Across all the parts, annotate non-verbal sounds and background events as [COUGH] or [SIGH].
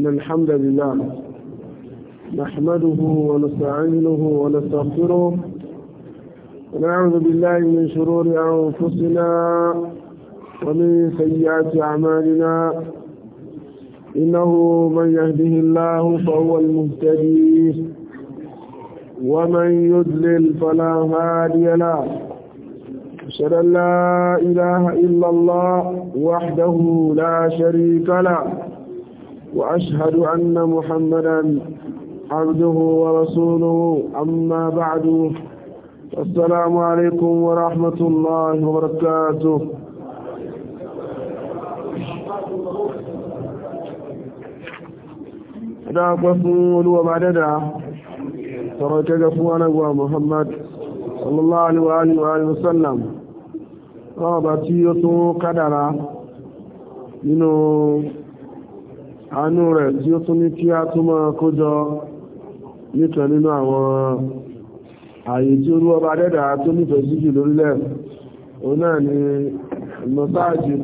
إن الحمد لله نحمده ونستعينه ونستغفره ونعوذ بالله من شرور أنفسنا ومن سيئات أعمالنا إنه من يهده الله فهو المهتدي ومن يدلل فلا هادي له أشهد أن لا إله إلا الله وحده لا شريك له وأشهد أن محمدا عبده ورسوله أما بعد السلام عليكم ورحمة الله وبركاته دا قفول وبعد دا فرأيك محمد صلى الله عليه وآله وآله وسلم رابطيته قدرا منه àánú rẹ̀ tí ó tún ní kí a tún máa kójọ nìkan nínú àwọn ààyè tí olúwa bá dẹ́dà tó nífẹ̀ẹ́ sí lórílẹ̀ òun náà ni ìmọ̀sáàjì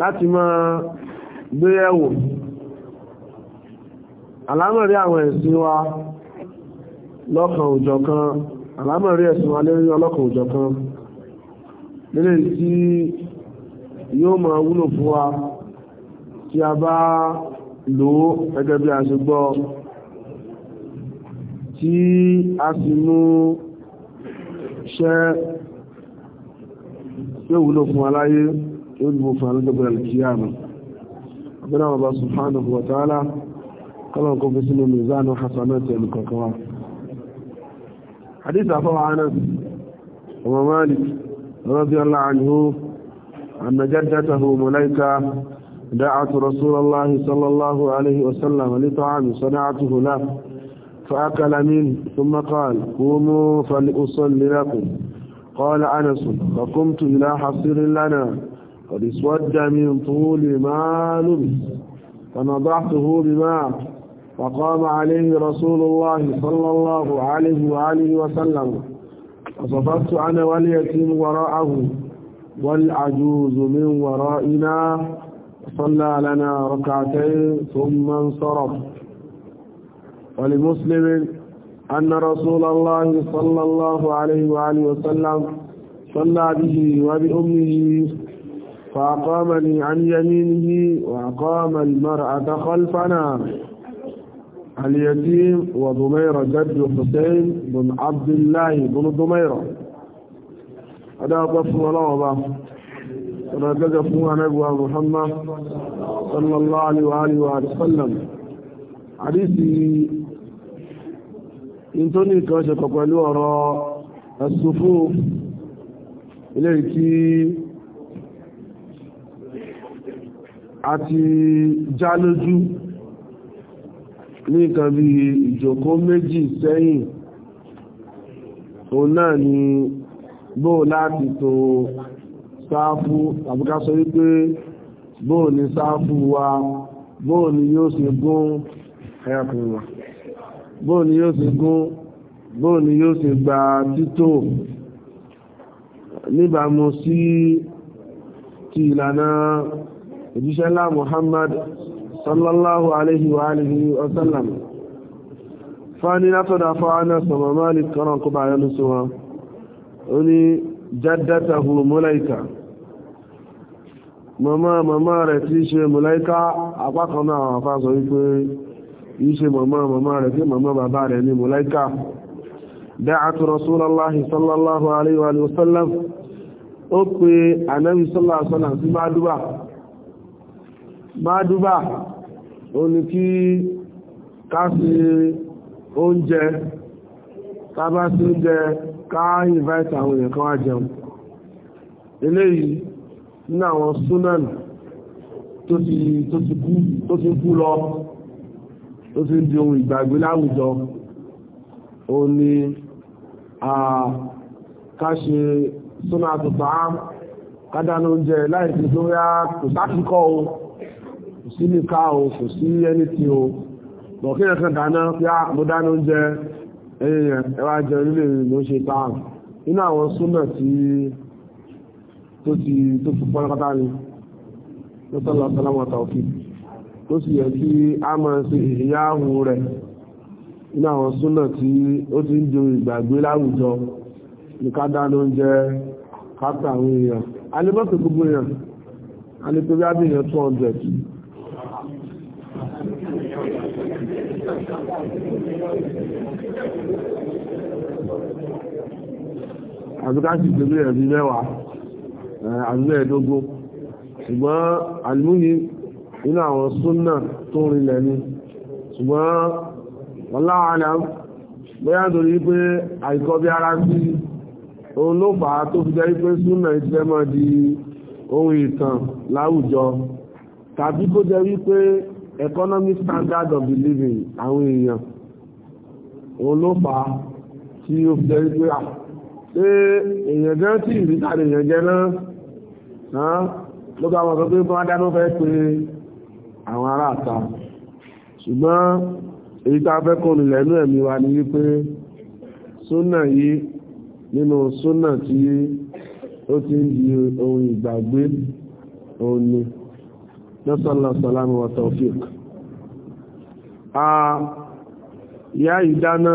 láti máa gbé ẹ̀wò àlámọ̀rí àwọn ẹ̀sìn wa lọ́kàn òjọ̀ kan àlámọ̀rí ẹ̀sìn wa lérí ọlọ́kàn òjọ̀ kan nílé tí yóò máa wúlò fún wa tí a bá lò ó gẹ́gẹ́ bí a ṣe gbọ́ tí a sì mú ṣẹ́ yóò wúlò fún aláyé yóò dìbò fún alẹ́gbẹ̀rẹ̀ alìkíyàmù abẹ́rẹ́ ọba subhanahu wa ta'ala kọ́lọ̀n kó fi sínú mìzánù hasanati ẹnu kọ̀kan wa hadith afọ́wà anas ọmọ دعت رسول الله صلى الله عليه وسلم لطعام صنعته له فأكل منه ثم قال قوموا فلأصلي لكم قال أنس فقمت إلى حصير لنا قد اسود من طول ما لبس فنضعته بماء فقام عليه رسول الله صلى الله عليه وآله وسلم فصففت أنا واليتيم وراءه والعجوز من ورائنا صلى لنا ركعتين ثم انصرف ولمسلم أن رسول الله صلى الله عليه وآله وسلم صلى به وبأمه فأقامني عن يمينه وأقام المرأة خلفنا اليتيم وضمير جد حسين بن عبد الله بن ضمير هذا قصر الله ọ̀nà gẹ́gẹ́ fún anẹ́gbà Muhammad sallallahu alaihi wa sallam àdísì in tó ní ìkan ṣẹkọ̀ pẹ̀lú ọ̀rọ̀ ẹ̀sùfú ilé ìkí àti já lójú ní nǹkan bí ìjòkó méjì sẹ́yìn òun náà ni bóò láti tó sáfú àbúká sọ wípé bóò ni sáfú wa bóò ni yóò ṣe gún ẹ̀kùnwà bóò ni yóò ṣe gún bóò ni yóò ṣe gba títò níbàámu sí ti ìlànà ìjíṣẹ́lá Muhammad sallallahu alaihi wa alihi wa sallam fani látọ̀dá fọ́ ánà sọ̀rọ̀ mọ́lì kọ́rọ̀ kó bá yọ́nu sí wọn ó ní jaddatahu mulaika màmá màmá rẹ̀ tí í ṣe mulaika apákan àwọn afá wípé yìí ṣe màmá mama rẹ̀ tí màmá bàbá rẹ̀ ní mulaika da'at sallallahu wa sallam ó sallallahu wa sallam sí ká invite àwọn èèyàn kan wá jẹun eléyìí nínú àwọn sunan tó ti tó ti kú tó ti kú lọ tó ti di ohun ìgbàgbé láwùjọ ó ní ká ṣe sunan àtúntà kádánú oúnjẹ láìsí tó yá kò sákìkọ́ o kò sí nìka o kò sí ẹni tí o bọ̀ ẹ̀kan dáná pé mo dáná oúnjẹ èèyàn ẹwà jẹ ilé ìlú ṣe táàm inú àwọn súnà tí tó ti tó fi pọ́nlọ́pátá ni lọ́sọ̀lọ́ sọ́lọ́mọ̀tà òkè tó sì yẹ kí a máa ṣe ìyáhù rẹ̀ inú àwọn súnà tí ó ti ń jo ìgbàgbé láwùjọ ní ká dá lóúnjẹ káàtà àwọn èèyàn a lè mọ́tò gbogbo èèyàn a lè pé bí abìyàn àbíkáṣì tó bí ẹ̀rí mẹ́wàá àbílẹ̀ẹ́dógún ṣùgbọ́n àlúni inú àwọn súnnà tó rinlẹ̀ ni ṣùgbọ́n ọláàlá bóyá torí pé àìkọ́ bí ara sí òun ló fà á tó fi jẹ́ pé súnnà ìṣẹ́ mọ́ di ohun ìtàn láwùjọ tàbí kó jẹ́ wípé economic standard of living àwọn èèyàn òun ló fà á tí ó fi jẹ́ wípé pé èèyàn jẹ́ tí ìrí tàbí èèyàn jẹ́ náà ló bá wọn sọ pé bọ́n dáná fẹ́ pé àwọn ará àta ṣùgbọ́n èyí tá a fẹ́ kọ́ nílẹ̀ inú ẹ̀mí wa ni wípé súnà yìí nínú súnà tí ó ti ń di ohun ìgbàgbé òun ni lọ́sọ̀lọ́ sọ̀lámi wọ́tọ̀ fíìk ìyá ìdáná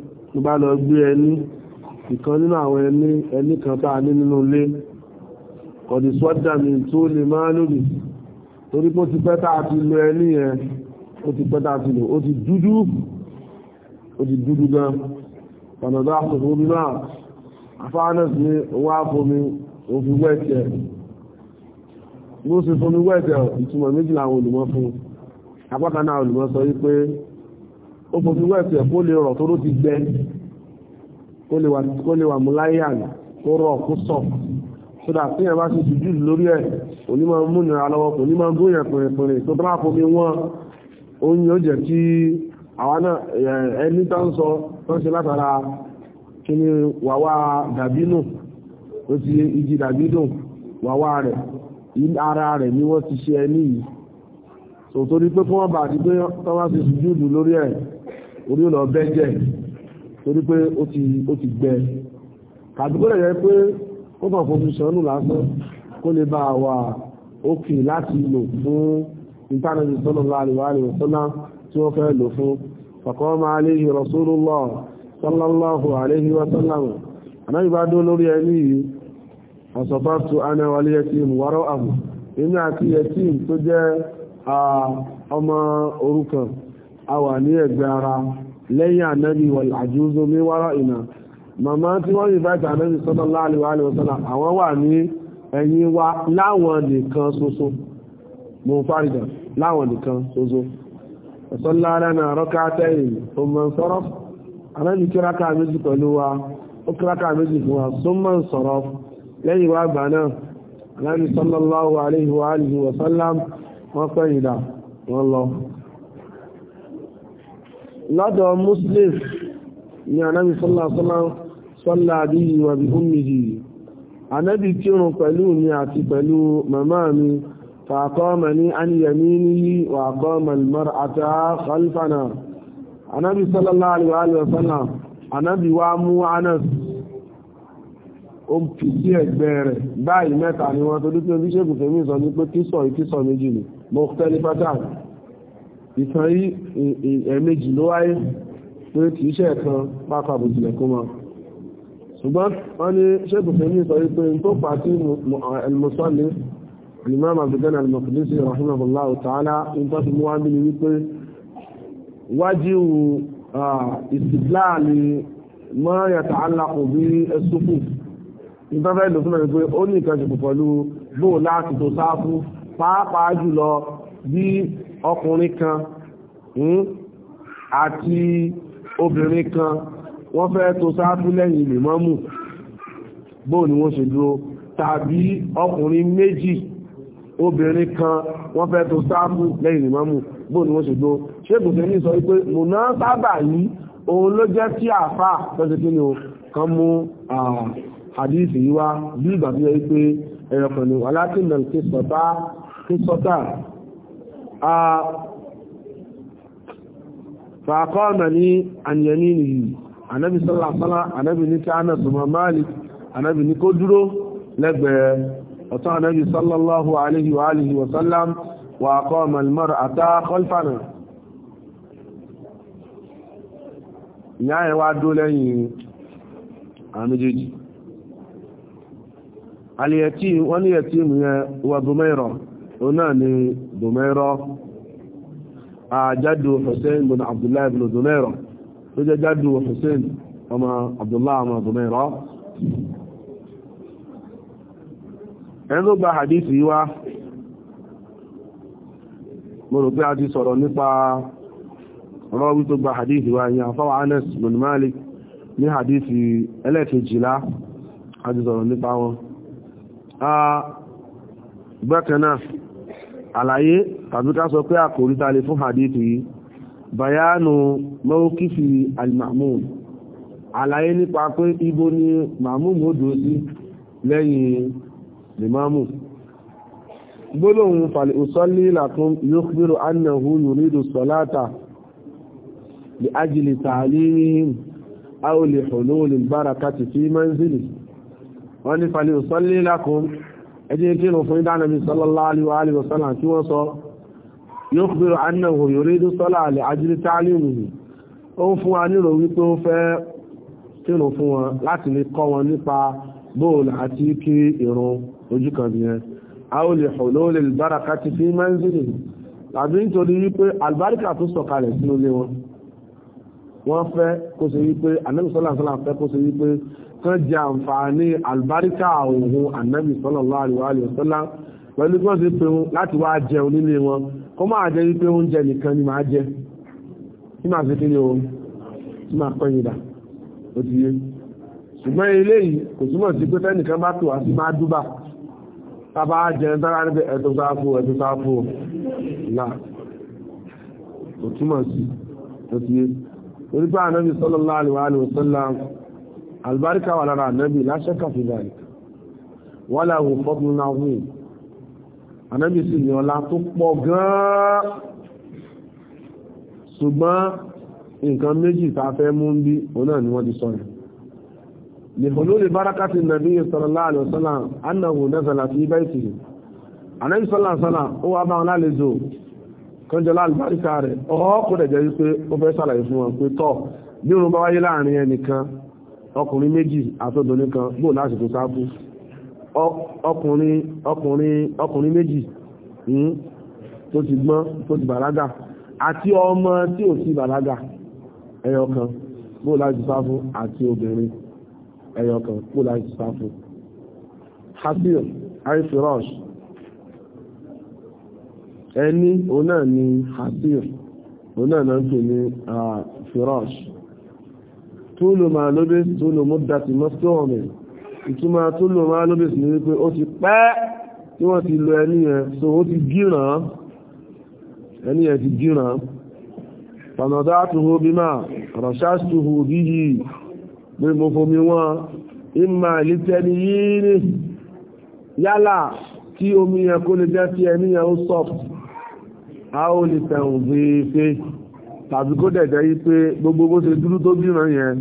tó bá lọ gbé ẹni ìkan nínú àwọn ẹni ẹni kan tàà ní nínú ilé ọ̀dì sọ́dàmì tó lè máa lórí torí pé ó ti pẹ́ tàà ti lo ẹni yẹn ó ti pẹ́ tàà ti lò ó ti dúdú ó ti dúdú gan ọ̀nàdá náà afáánẹ́sì ni wá fún apákanáà ó fomi wẹ́ẹ̀sì ẹ̀ kó lè rọ̀ tó ló ti gbẹ kó lè wà mú láyé àná kó rọ̀ kó sọ̀ sódà tí ẹ bá ti jù jù lórí ẹ̀ kò ní máa múnira lọ́wọ́ kò ní máa góyàn pìnrìnpìnrìn tó bá fomi wọ́n oúnjẹ ó jẹ́ kí àwa náà ẹni tó ń sọ tó ń ṣe látara kí ni wàwá dàbínù ó ti igi dàbínù wàwá rẹ̀ ara rẹ̀ ni wọ́n ti ṣe ẹni yìí tòótọ́ ni pé kí wọ́n bá pé tó ti jù lórí ẹ̀ orí ọ̀nà bẹ́jẹ̀ torí pé ó ti gbẹ tàbíkó rẹ̀ yẹ pé ó kàn fojú sọ́nù lásán kó lè bá wà ókè láti lò fún ìtànàbí sallallahu alaihi wasallam tí wọ́n fẹ́ lò fún faqama alayhi rasulullah sallallahu dó lórí ẹni yìí ana èmi àti a ní ẹ̀gbẹ́ ara lẹ́yìn ànábì wal àjúzó mi wárá ìnà màmá tí wọ́n yìí báyìí alaihi wa sallam àwọn wà ní ẹ̀yìn wa láwọn nìkan ṣoṣo mo ń láwọn nìkan ṣoṣo sallallahu wa wa náà ànábì alaihi wa lọ́dọ̀ muslim ni anábi sọ́lá àdíyí wà bí ummihi anábi kírun pẹ̀lú mi àti pẹ̀lú màmá mi fàkọ́mà ní anìyàmí níyí wà kọ́mà mar'ata khalfana anábi sallallahu alaihi wa sallam anábi wá mú anas ó ń fi sí ẹ̀gbẹ́ rẹ̀ báyìí mẹ́ta ni wọ́n tó dúpẹ́ bíṣẹ́gùn ní pé kíṣọ̀ ìkíṣọ̀ méjì ẹ̀ẹ̀mejì ló wáyé pé kì í ṣe ẹ̀kan pápá bòjìlẹ̀ kó mọ́ ṣùgbọ́n wọ́n ní ṣẹ́gun fẹ́mi sọ wípé n tó pa sí ẹlmọ́sọ́lẹ̀ Imam Abdullah al-Maqdisi rahimahullahu ta'ala n tó fi mú wá bíi wípé wájú ìsìláàlì mọ́ yàtọ̀ alákùn bí ẹsùkù ìbáfẹ́ lò fún ẹni pé ó ní ìkẹ́sùkù pẹ̀lú bóò láti tó sáfú pàápàá jùlọ bí ọkùnrin kan Hmm? àti obìnrin kan wọ́n fẹ́ tó sáfú lẹ́yìn lèmọ́mù bóò ni wọ́n ṣe dúró tàbí ọkùnrin méjì obìnrin kan wọ́n fẹ́ tó sáfú lẹ́yìn lèmọ́mù bóò ni wọ́n ṣe dúró ṣékùnfẹ́ ní sọ wípé mùná sábà yìí òun ló jẹ́ tí àfà tọ́sí o kan mú àdíìsì yìí wá bí ìgbà tó yẹ wípé ẹ̀rọ̀kùnrin alákìnnà kí sọ́tà fàkọ́ọ̀nà ní àyẹ̀ní nìyí anábi sọ́làsọ́lá anábi ní káánà sọmọ máàlì anábi ní kó dúró lẹ́gbẹ̀ẹ́ ọ̀tọ́ anábi sallallahu alaihi wa alihi wa sallam wa qama al-mar'ata khalfana ìyá ẹ̀ wá dó lẹ́yìn àmìjèjì alìyẹ̀tí wọ́n ní yẹ̀tí mú yẹ wà bùmẹ́rọ̀ ó náà ni bùmẹ́rọ̀ jádù hussein bin abdullahi bin zumairo tó jẹ́ jádù hussein ọmọ abdullahi ọmọ zumairo ẹni tó gba hadithi wá mo rò pé a ti sọ̀rọ̀ nípa rọ́wí tó gba hadithi wá yí àfáwà anas bin malik ní hadithi ẹlẹ́kejìlá a ti sọ̀rọ̀ nípa wọn àlàyé tàbí ká sọ pé àkòrí ta lè fún hadith yìí bayanu mawqifi al-ma'mum àlàyé nípa pé ibo ni ma'mum ó dúró sí lẹ́yìn limamu gbólóhùn fàlẹ̀ òsọ́lé lakum yukhbiru annahu yuridu salata li ajli ta'limihim aw li ẹjẹ́ tí ó fún ìdánàbí sallallahu alaihi wa sallam tí wọ́n sọ yóò kúrò annahu yuridu sọ́lá alẹ́ ajílẹ̀ tálímù ó ń fún wa nírò wípé ó fẹ́ kírun fún wọn láti lè kọ́ wọn nípa bóòlù àti kí ìrun ojú kan bìyẹn àwọn lè hù ló lè báraka ti fi manzili tàbí nítorí wípé àlùbáríkà tó sọ̀kalẹ̀ sínú ilé wọn wọ́n fẹ́ kó ṣe wípé annabi sallallahu fẹ́ kó ṣe wípé kan jẹ àǹfààní àlùbáríkà òhun ànábì sallallahu alaihi wasallam pẹ̀lú bí wọ́n ti pe wọn láti wá jẹun nílé wọn kó máa jẹ́ wípé oúnjẹ nìkan ni máa jẹ tí máa fi kíni o tí máa pẹ́ yìí dà ó ti yé ṣùgbọ́n eléyìí kò túmọ̀ sí pé fẹ́nìkan bá tò wá máa dúbà tábà jẹun tára níbi ẹ̀tọ́ sáfù ẹ̀tọ́ sáfù là kò túmọ̀ sí ó ti yé onígbà ànábì sallallahu alaihi wasallam albarka wà lára ànábì láṣẹ́kà fi dàrí wọ́n láwọn fọ́dún náà wù ànábì sì ní ọlá tó pọ̀ gan-an ṣùgbọ́n nǹkan méjì tá mú ń bí òun ni wọ́n ti sọ̀rọ̀ lèfòlórí bárakàtì nàbí sallallahu alaihi wasallam annahu nazala fi baytihi ànábì sallallahu alaihi wasallam ó wá bá wọn lálejò kọjọ lálùbáríkà rẹ̀ ọ̀họ́ kò dẹ̀ jẹ́ wípé ó fẹ́ ọkùnrin méjì àtọ́dọ̀ní kan bó lásìkò sáàbù ọkùnrin ọkùnrin ọkùnrin méjì hmm, tó ti gbọ́n tó ti bàlágà àti ọmọ tí ò sí bàlágà ẹyọkan bó lásìkò sáàbù àti obìnrin ẹyọkan bó lásìkò sáàbù hasir arifirosh ẹni òun náà ni hasir òun náà náà ń pè ní ah, firosh túlù máa lóbis túlù múdàtí mọ́sítọ́ọ̀mì ìtumá túlù máa lóbis ní wípé ó ti pẹ́ tí wọ́n ti lo ẹni yẹn so ó ti gíràn ẹni yẹn ti gíràn pànàdá àtúhò bí máa rọ̀ṣáṣùhù bí yìí pé mo fomi wọn ìmà ìlítẹ́ni yìí ní yálà tí omi yẹn kó lè jẹ́ tí ẹni yẹn ó sọ̀pù a ó lè tẹ̀wọ̀n fèèfèé tàbí kó dẹ̀ jẹ́ pé gbogbo bó ṣe dúdú tó dìran yẹn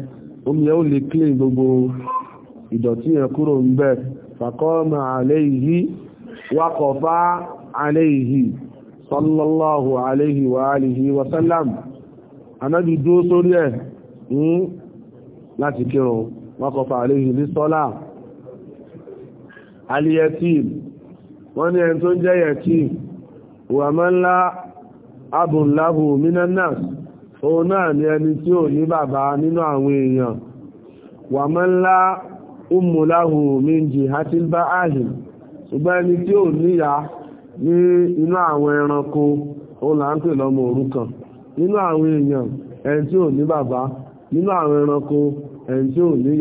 omi yẹn ó lè clean gbogbo ìdọ̀tí yẹn kúrò ń bẹ̀ fàkọ́ọ̀mà àléhì wákọ̀fà àléhì sallallahu aléhì wa alihi wa sallam anábi dúró sórí ẹ̀ ní hmm, láti kírun wákọ̀fà àléhì ní sọ́lá aliyetim wọ́n ní ẹni tó ń jẹ́ yetim wà ńlá abùnláhù minan òun náà ni ẹni tí ò ní bàbá nínú àwọn èèyàn wà mọ́ ńlá umulahu minji bá áhìn ṣùgbọ́n ẹni tí ò níyá ní inú àwọn ẹranko òun là ń nínú àwọn èèyàn ẹni tí ò ní bàbá nínú àwọn ẹranko ẹni tí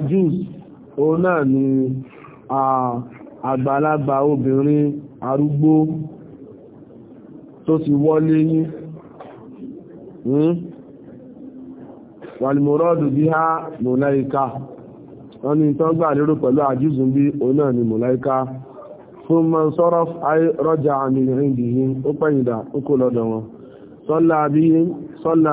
ò ọmọ òun náà ni àgbàlagbà obìnrin arúgbó tó ti wọlé yí wàlìmọ̀rọ́dù bí há mọ̀láíká wọ́n ni tán gbà lérò pẹ̀lú àjíṣùn bí òun náà ni mọ̀láíká fún mọ́ sọ́rọ̀ rọ́jà àmì ìrìndìyí ó pẹ̀yìndà ó kó lọ́dọ̀ wọn sọ́lá sọ́lá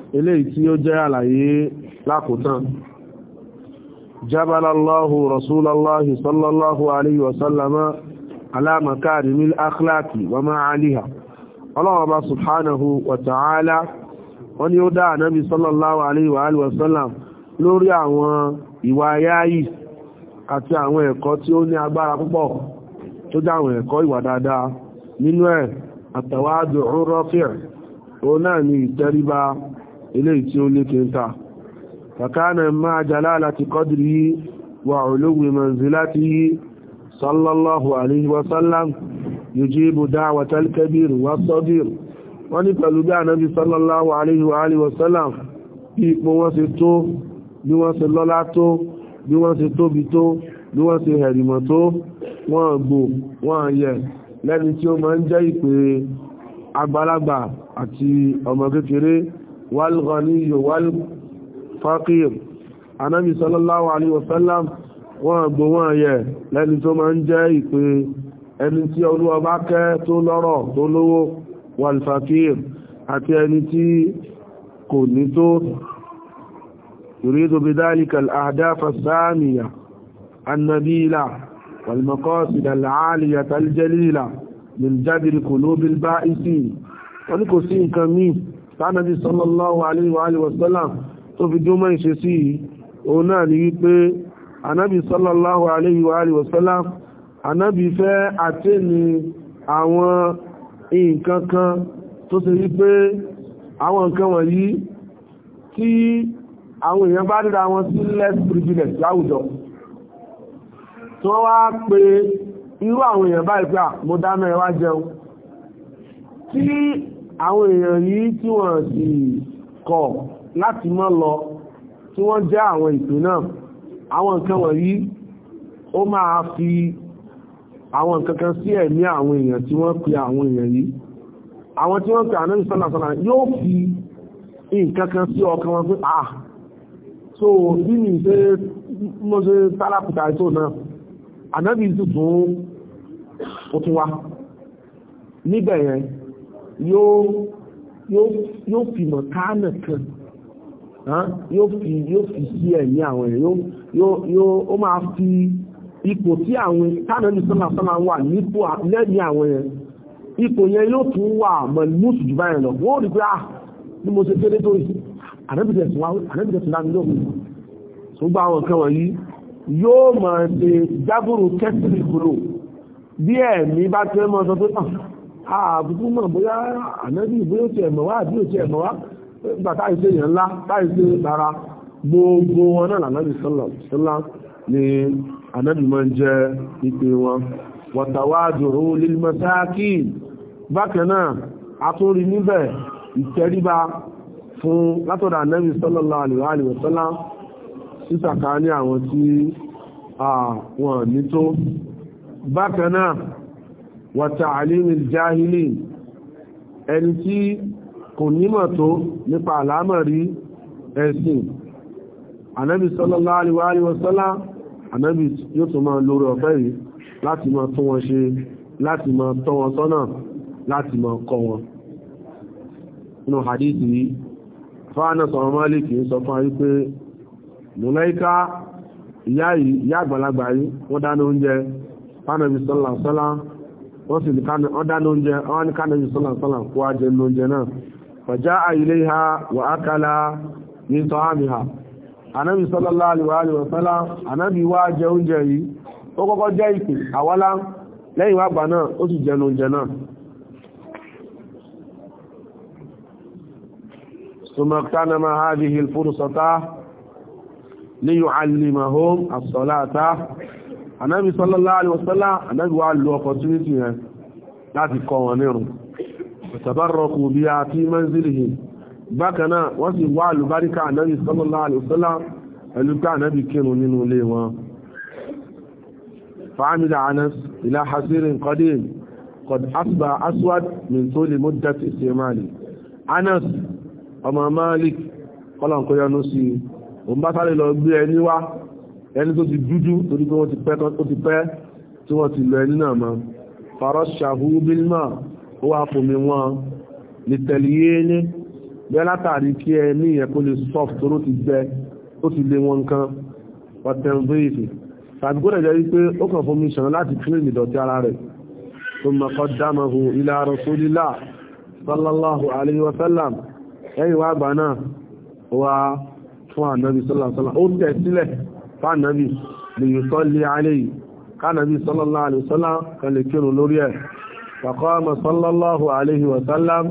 eléyìí tí ó jẹ́ àlàyé lákòótán jabalallahu rasulallahi sallallahu alayhi wa sallama alamakaari mil akhlaqi wa ma'aliha ọlọ́wọ́ bá subhanahu wa ta'ala wọ́n ni ó dá ànábi sallallahu alayhi wa sallam lórí àwọn ìwà yáyìí àti àwọn ẹ̀kọ́ tí ó ní agbára púpọ̀ tó dáwọn ẹ̀kọ́ ìwà dáadáa nínú ẹ̀ àtàwádùn rọ́fíà òun náà ni ìtẹríba eléyìí tí ó lékè ń ta fàkánà máa jàlálà ti kọ́dìrí wà olówó manzilati sallallahu alaihi wasallam yujibu da'watal kabir wa sadir wọ́n ní pẹ̀lú bí ànábí sallallahu alaihi wasallam bí ipò wọ́n ṣe tó bí wọ́n ṣe lọ́lá tó bí wọ́n ṣe tóbi lẹ́ni tí ó máa ń jẹ́ ìpè àgbàlagbà àti ọmọ kékeré wal-ghaniyu wal-faqir anábi sallallahu alaihi wasallam wọ́n gbò wọ́n yẹ lẹ́ni tó máa ń jẹ́ ìpè ẹni tí Olúwa bá kẹ́ tó lọ́rọ̀ tó lówó wal àti ẹni tí kò ní tó يريد بذلك الأهداف السامية النبيلة والمقاصد العالية الجليلة من جذر قلوب البائسين ونكو سين tánàbí sallallahu alayhi wa alayhi wa sallam tó fi jó mọ́ ìṣe sí yìí òun náà ni wípé anábì sallallahu alayhi wa alayhi wa sallam anábì fẹ́ àtẹ́ni àwọn nǹkan kan tó ṣe wípé àwọn nǹkan wọ̀nyí tí àwọn èèyàn bá ríra wọn sí less privilege láwùjọ tí wọ́n wá pé irú àwọn èèyàn báyìí pé à mo dáná ẹ wá jẹun tí àwọn èèyàn yìí tí wọ́n sì kọ̀ láti mọ́ lọ tí wọ́n jẹ́ àwọn ìpè náà àwọn nǹkan wọ̀nyí ó máa fi àwọn nǹkan kan sí ẹ̀mí àwọn èèyàn tí wọ́n pe àwọn èèyàn yìí àwọn tí wọ́n pe ànábì sọ́nàsọ́nà yóò fi nǹkan kan sí ọkàn wọn pé ah so bí mi ṣe mo ṣe tálápùtà ètò náà ànábì tuntun ó tún wá níbẹ̀ yẹn yóò fi mọ̀ káánà kan yóò fi yóò fi sí ẹ̀mí àwọn èèyàn yóò ó máa fi ipò tí àwọn káánà ní sọ́nà sọ́nà wà nípò lẹ́yìn àwọn èèyàn ipò yẹn yóò tún wà mọ̀ ní oṣù jù báyìí lọ wọ́n rí pé ah ní mo ṣe kéré tó yìí àdébìtẹ̀ tún wá àdébìtẹ̀ tún láti lóògùn ṣùgbọ́n àwọn nǹkan wọ̀nyí yóò máa ṣe jábòrò kẹ́sìrì kúrò bí ẹ̀mí bá tẹ́ mọ́ sọ pé ah, àbùkù mọ̀ bóyá ànábì bóyá ti ẹ̀mọ̀ wá àbí òtí ẹ̀mọ̀ wá nígbà táyì ṣe èèyàn ńlá táyì ṣe dára gbogbo wọn náà lànàbì sọ́lá ni ànábì máa ń jẹ́ ìpè wọn wọ̀tàwádùrú lílmọ̀sáàkì bákan náà àtúrí níbẹ̀ ìtẹríba fún látọ̀dọ̀ ànábì sallallahu alaihi wa sallam sísàkà ní àwọn tí wọ́n ní tó bákan náà wa ta'limil jahilin ẹni tí kò nímọ̀ tó nípa àlámọ̀rí ẹ̀sìn ànábì sallallahu alaihi wa sallam ànábì yóò tó máa lórí ọ̀fẹ́ yìí láti máa tún wọn ṣe láti máa tọ́ wọn sọ́nà láti máa kọ́ wọn inú hadithi yìí fáànà sọ̀rọ̀ mọ́lìkì sọ fún ayé pé mùláíkà ìyá àgbàlagbà yìí wọ́n dáná oúnjẹ fánàbì sallallahu alaihi wa wọ́n sì lè dáná oúnjẹ wọ́n ní kánàbí sọ́làsọ́là kó wá jẹ lóúnjẹ náà fàjá àìlé ha wà ákàlá ní tọ́ àmì ha anábì sọ́lọ́lá àlèwàsọ́lá anábì wá jẹ oúnjẹ yìí ó هذه الفرصة ليعلمهم الصلاة anábi sallallahu alaihi wasallam anábi wá lo opportunity yẹn láti kọ wọn nírun tabarraku bí a fi manzilihi bákan náà wọ́n sì wá àlùbáríkà anábi sallallahu alaihi wasallam pẹ̀lú pé anábi kírun nínú ilé wọn fàámìlà anas ila hasirin qadim qad asba aswad min tuli muddat istimali anas ọmọ malik kọ́lọ̀kọ́yọ́nú sí òun bá sáré lọ gbé ẹni wá ẹni tó ti dúdú torí pé wọ́n ti pẹ́ tí wọ́n ti lọ ẹni náà ma fara ṣàhúbílmà ó wá fòmí wọn lè tẹ̀lé ní bẹ́ látàrí kí ẹ ní ẹ̀kọ́ lè soft tó ti gbẹ tó ti lé wọn kan ọ̀tẹ̀m̀bẹ́ẹ̀fì tàbí kó lẹ̀jẹ́ wípé ó kàn fòmí ṣàn láti clean ìdọ̀tí ara rẹ̀ tó mọ̀kọ́ dámọ̀hù ila rasulillah sallallahu alayhi wa sallam ẹ̀yìn wá gbà náà wá fún ànábi sallallahu alayhi wa sallam ó tẹ̀ sílẹ̀ fánàbí lè yìí sọ lè alẹ́ yìí kánàbí sallallahu alaihi wasallam kan lè kírun lórí ẹ̀ faqama sallallahu alaihi wasallam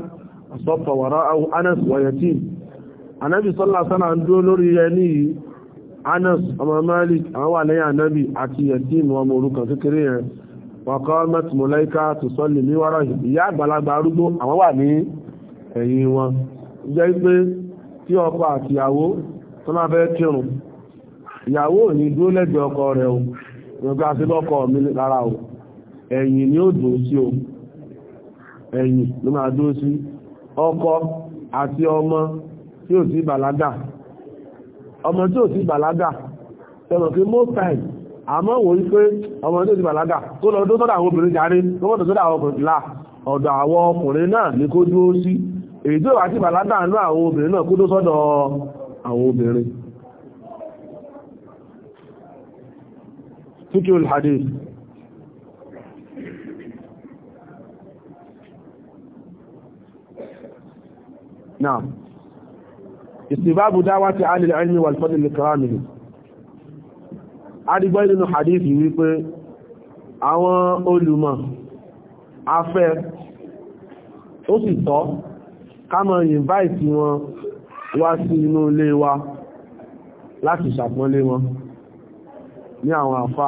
asọ́pọ̀ wara'ahu anas wa yatim anábì sallallahu alaihi wasallam dúró lórí ẹ ní anas ọmọ malik àwọn wà lẹ́yìn anábì àti yatim ọmọ òrukàn kékeré yẹn waqamat mulaika tusalli ní wárọ̀ ìyá àgbàlagbà arúgbó àwọn wà ní ẹ̀yìn wọn jẹ́ pé tí ọkọ àtìyàwó ìyàwó ni dúró ọkọ rẹ̀ o nígbà sí lọ́kọ mi lára o ẹ̀yìn ni ó dùn sí o ẹ̀yìn ló máa dúró sí ọkọ àti ọmọ tí ò sí bàlágà ọmọ tí ò sí bàlágà tẹ́mọ̀ pé most time àmọ́ wò ọmọ tí ò sí bàlágà tó lọ tó sọ́dọ̀ àwọn obìnrin tó sọ́dọ̀ àwọn ọkùnrin là ọ̀dọ̀ àwọn ọkùnrin náà kó dúró sí èyí tó wà sí bàlágà àwọn obìnrin náà kó فكر الحديث نعم استباب دعوة أهل العلم والفضل لكرامه àdìgbọ́ nínú hadithi wípé àwọn olùmọ̀ afẹ́ ó sì tọ́ kámọ̀ invite wọn wá sí inú ilé wa láti ṣàpọ́nlé wọn ní àwọn àfá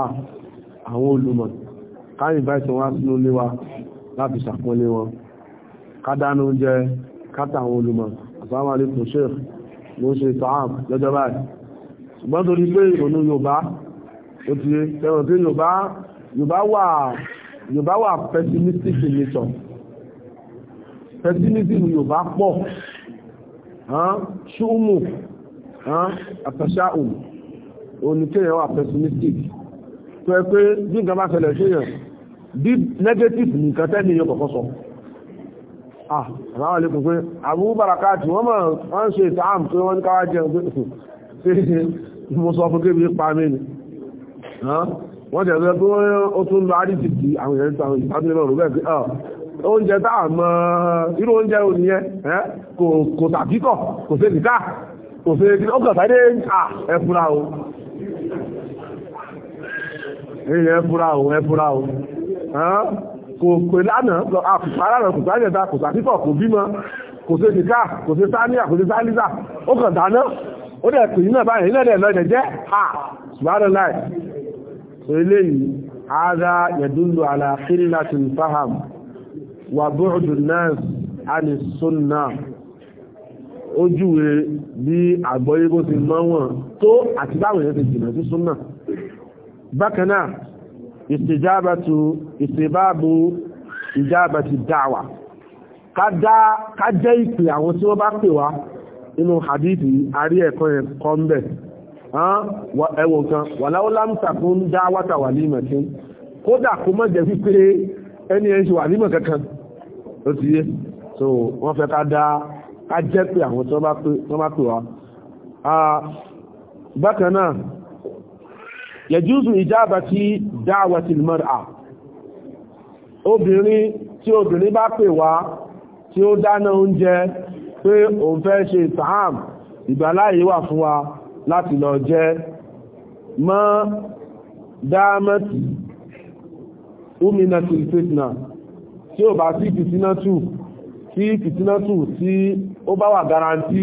àwọn olùmọ̀ káyìn báyìí wá sínú lé wa láti ṣàpọ́nlé wọn kádánú oúnjẹ kátà àwọn olùmọ̀ àtàwárí kò ṣe ló ṣe tààm lọ́jọ́ báyìí ṣùgbọ́n torí pé ìrònú pé Yorùbá Yorùbá wà pessimistic in nature pessimism Yorùbá pọ̀ ṣúmù àtàṣà òmù oníkéyàn wà pessimistic tó ẹ pé bí nǹkan bá ṣẹlẹ̀ séyàn bí negative nìkan tẹ́lẹ̀ yóò kọ̀kọ́ sọ ah àwọn àlekùn pé àbúbàràká tí wọ́n mọ̀ wọ́n ṣe ìtààmù pé wọ́n ní káwá jẹun pé [LAUGHS] mo sọ fún kébí pa mí ni wọ́n tẹ̀lé pé ó tún lọ àríṣìkì àwọn èèyàn ìtàwọn ìtàdínlẹ̀ náà rò bẹ́ẹ̀ pé oúnjẹ tá à mọ irú oúnjẹ òníyẹn kò tàbíkọ̀ kò sí ìdíkà kò sí ìdíkà ó kàn sáré ẹ̀fúnra o èèyàn ẹfúra o ẹfúra o kò pè lánàá àkùsárànà kò sáré ẹ̀dá kò sàkíkọ̀ kò bímọ kò sí ìdíkà kò sí sáníà kò sí sálísà ó kàn dáná ó dẹ̀ pè yín náà báyìí ilé ẹ̀dẹ̀ lọ́dẹ̀ jẹ́ ha ṣùgbọ́n láì eléyìí ara yẹ̀dúlù àlàáfíì láti fáhàm wà bóòdù náà àni súnnà ojúwe bí àgbọ́yé bó ti mọ́wọ̀n tó àti báwọn èèyàn ti jìnà sí súnnà bákan náà ìsìjábàtú ìsìbáàbù ìjábàtú dáwà ká jẹ́ ìpè àwọn tí wọ́n bá pè wá inú hadithi àrí ẹ̀kọ́ yẹn kọ́ ń bẹ̀ ẹwọ̀ kan wàláwó lámsà fún dáwàtà wà ní ìmọ̀tí kódà kó mọ́ jẹ́ wípé ẹni ẹ̀ ṣe wà ní ìmọ̀ ó ti yé so wọ́n fẹ́ ká dá ká jẹ́ pé àwọn tí wọ́n bá pè wá ah, bákan náà yẹjúzù ìjábà tí dáwà ti mọ́ra obìnrin tí obìnrin bá pè wá tí ó dáná oúnjẹ pé òun fẹ́ ṣe sàám ìgbàláyé wà fún wa láti lọ jẹ mọ́ dáámẹ́tì uminatul fitna tí ó bá sí fìtínátù tí fìtínátù tí ó bá wà garanti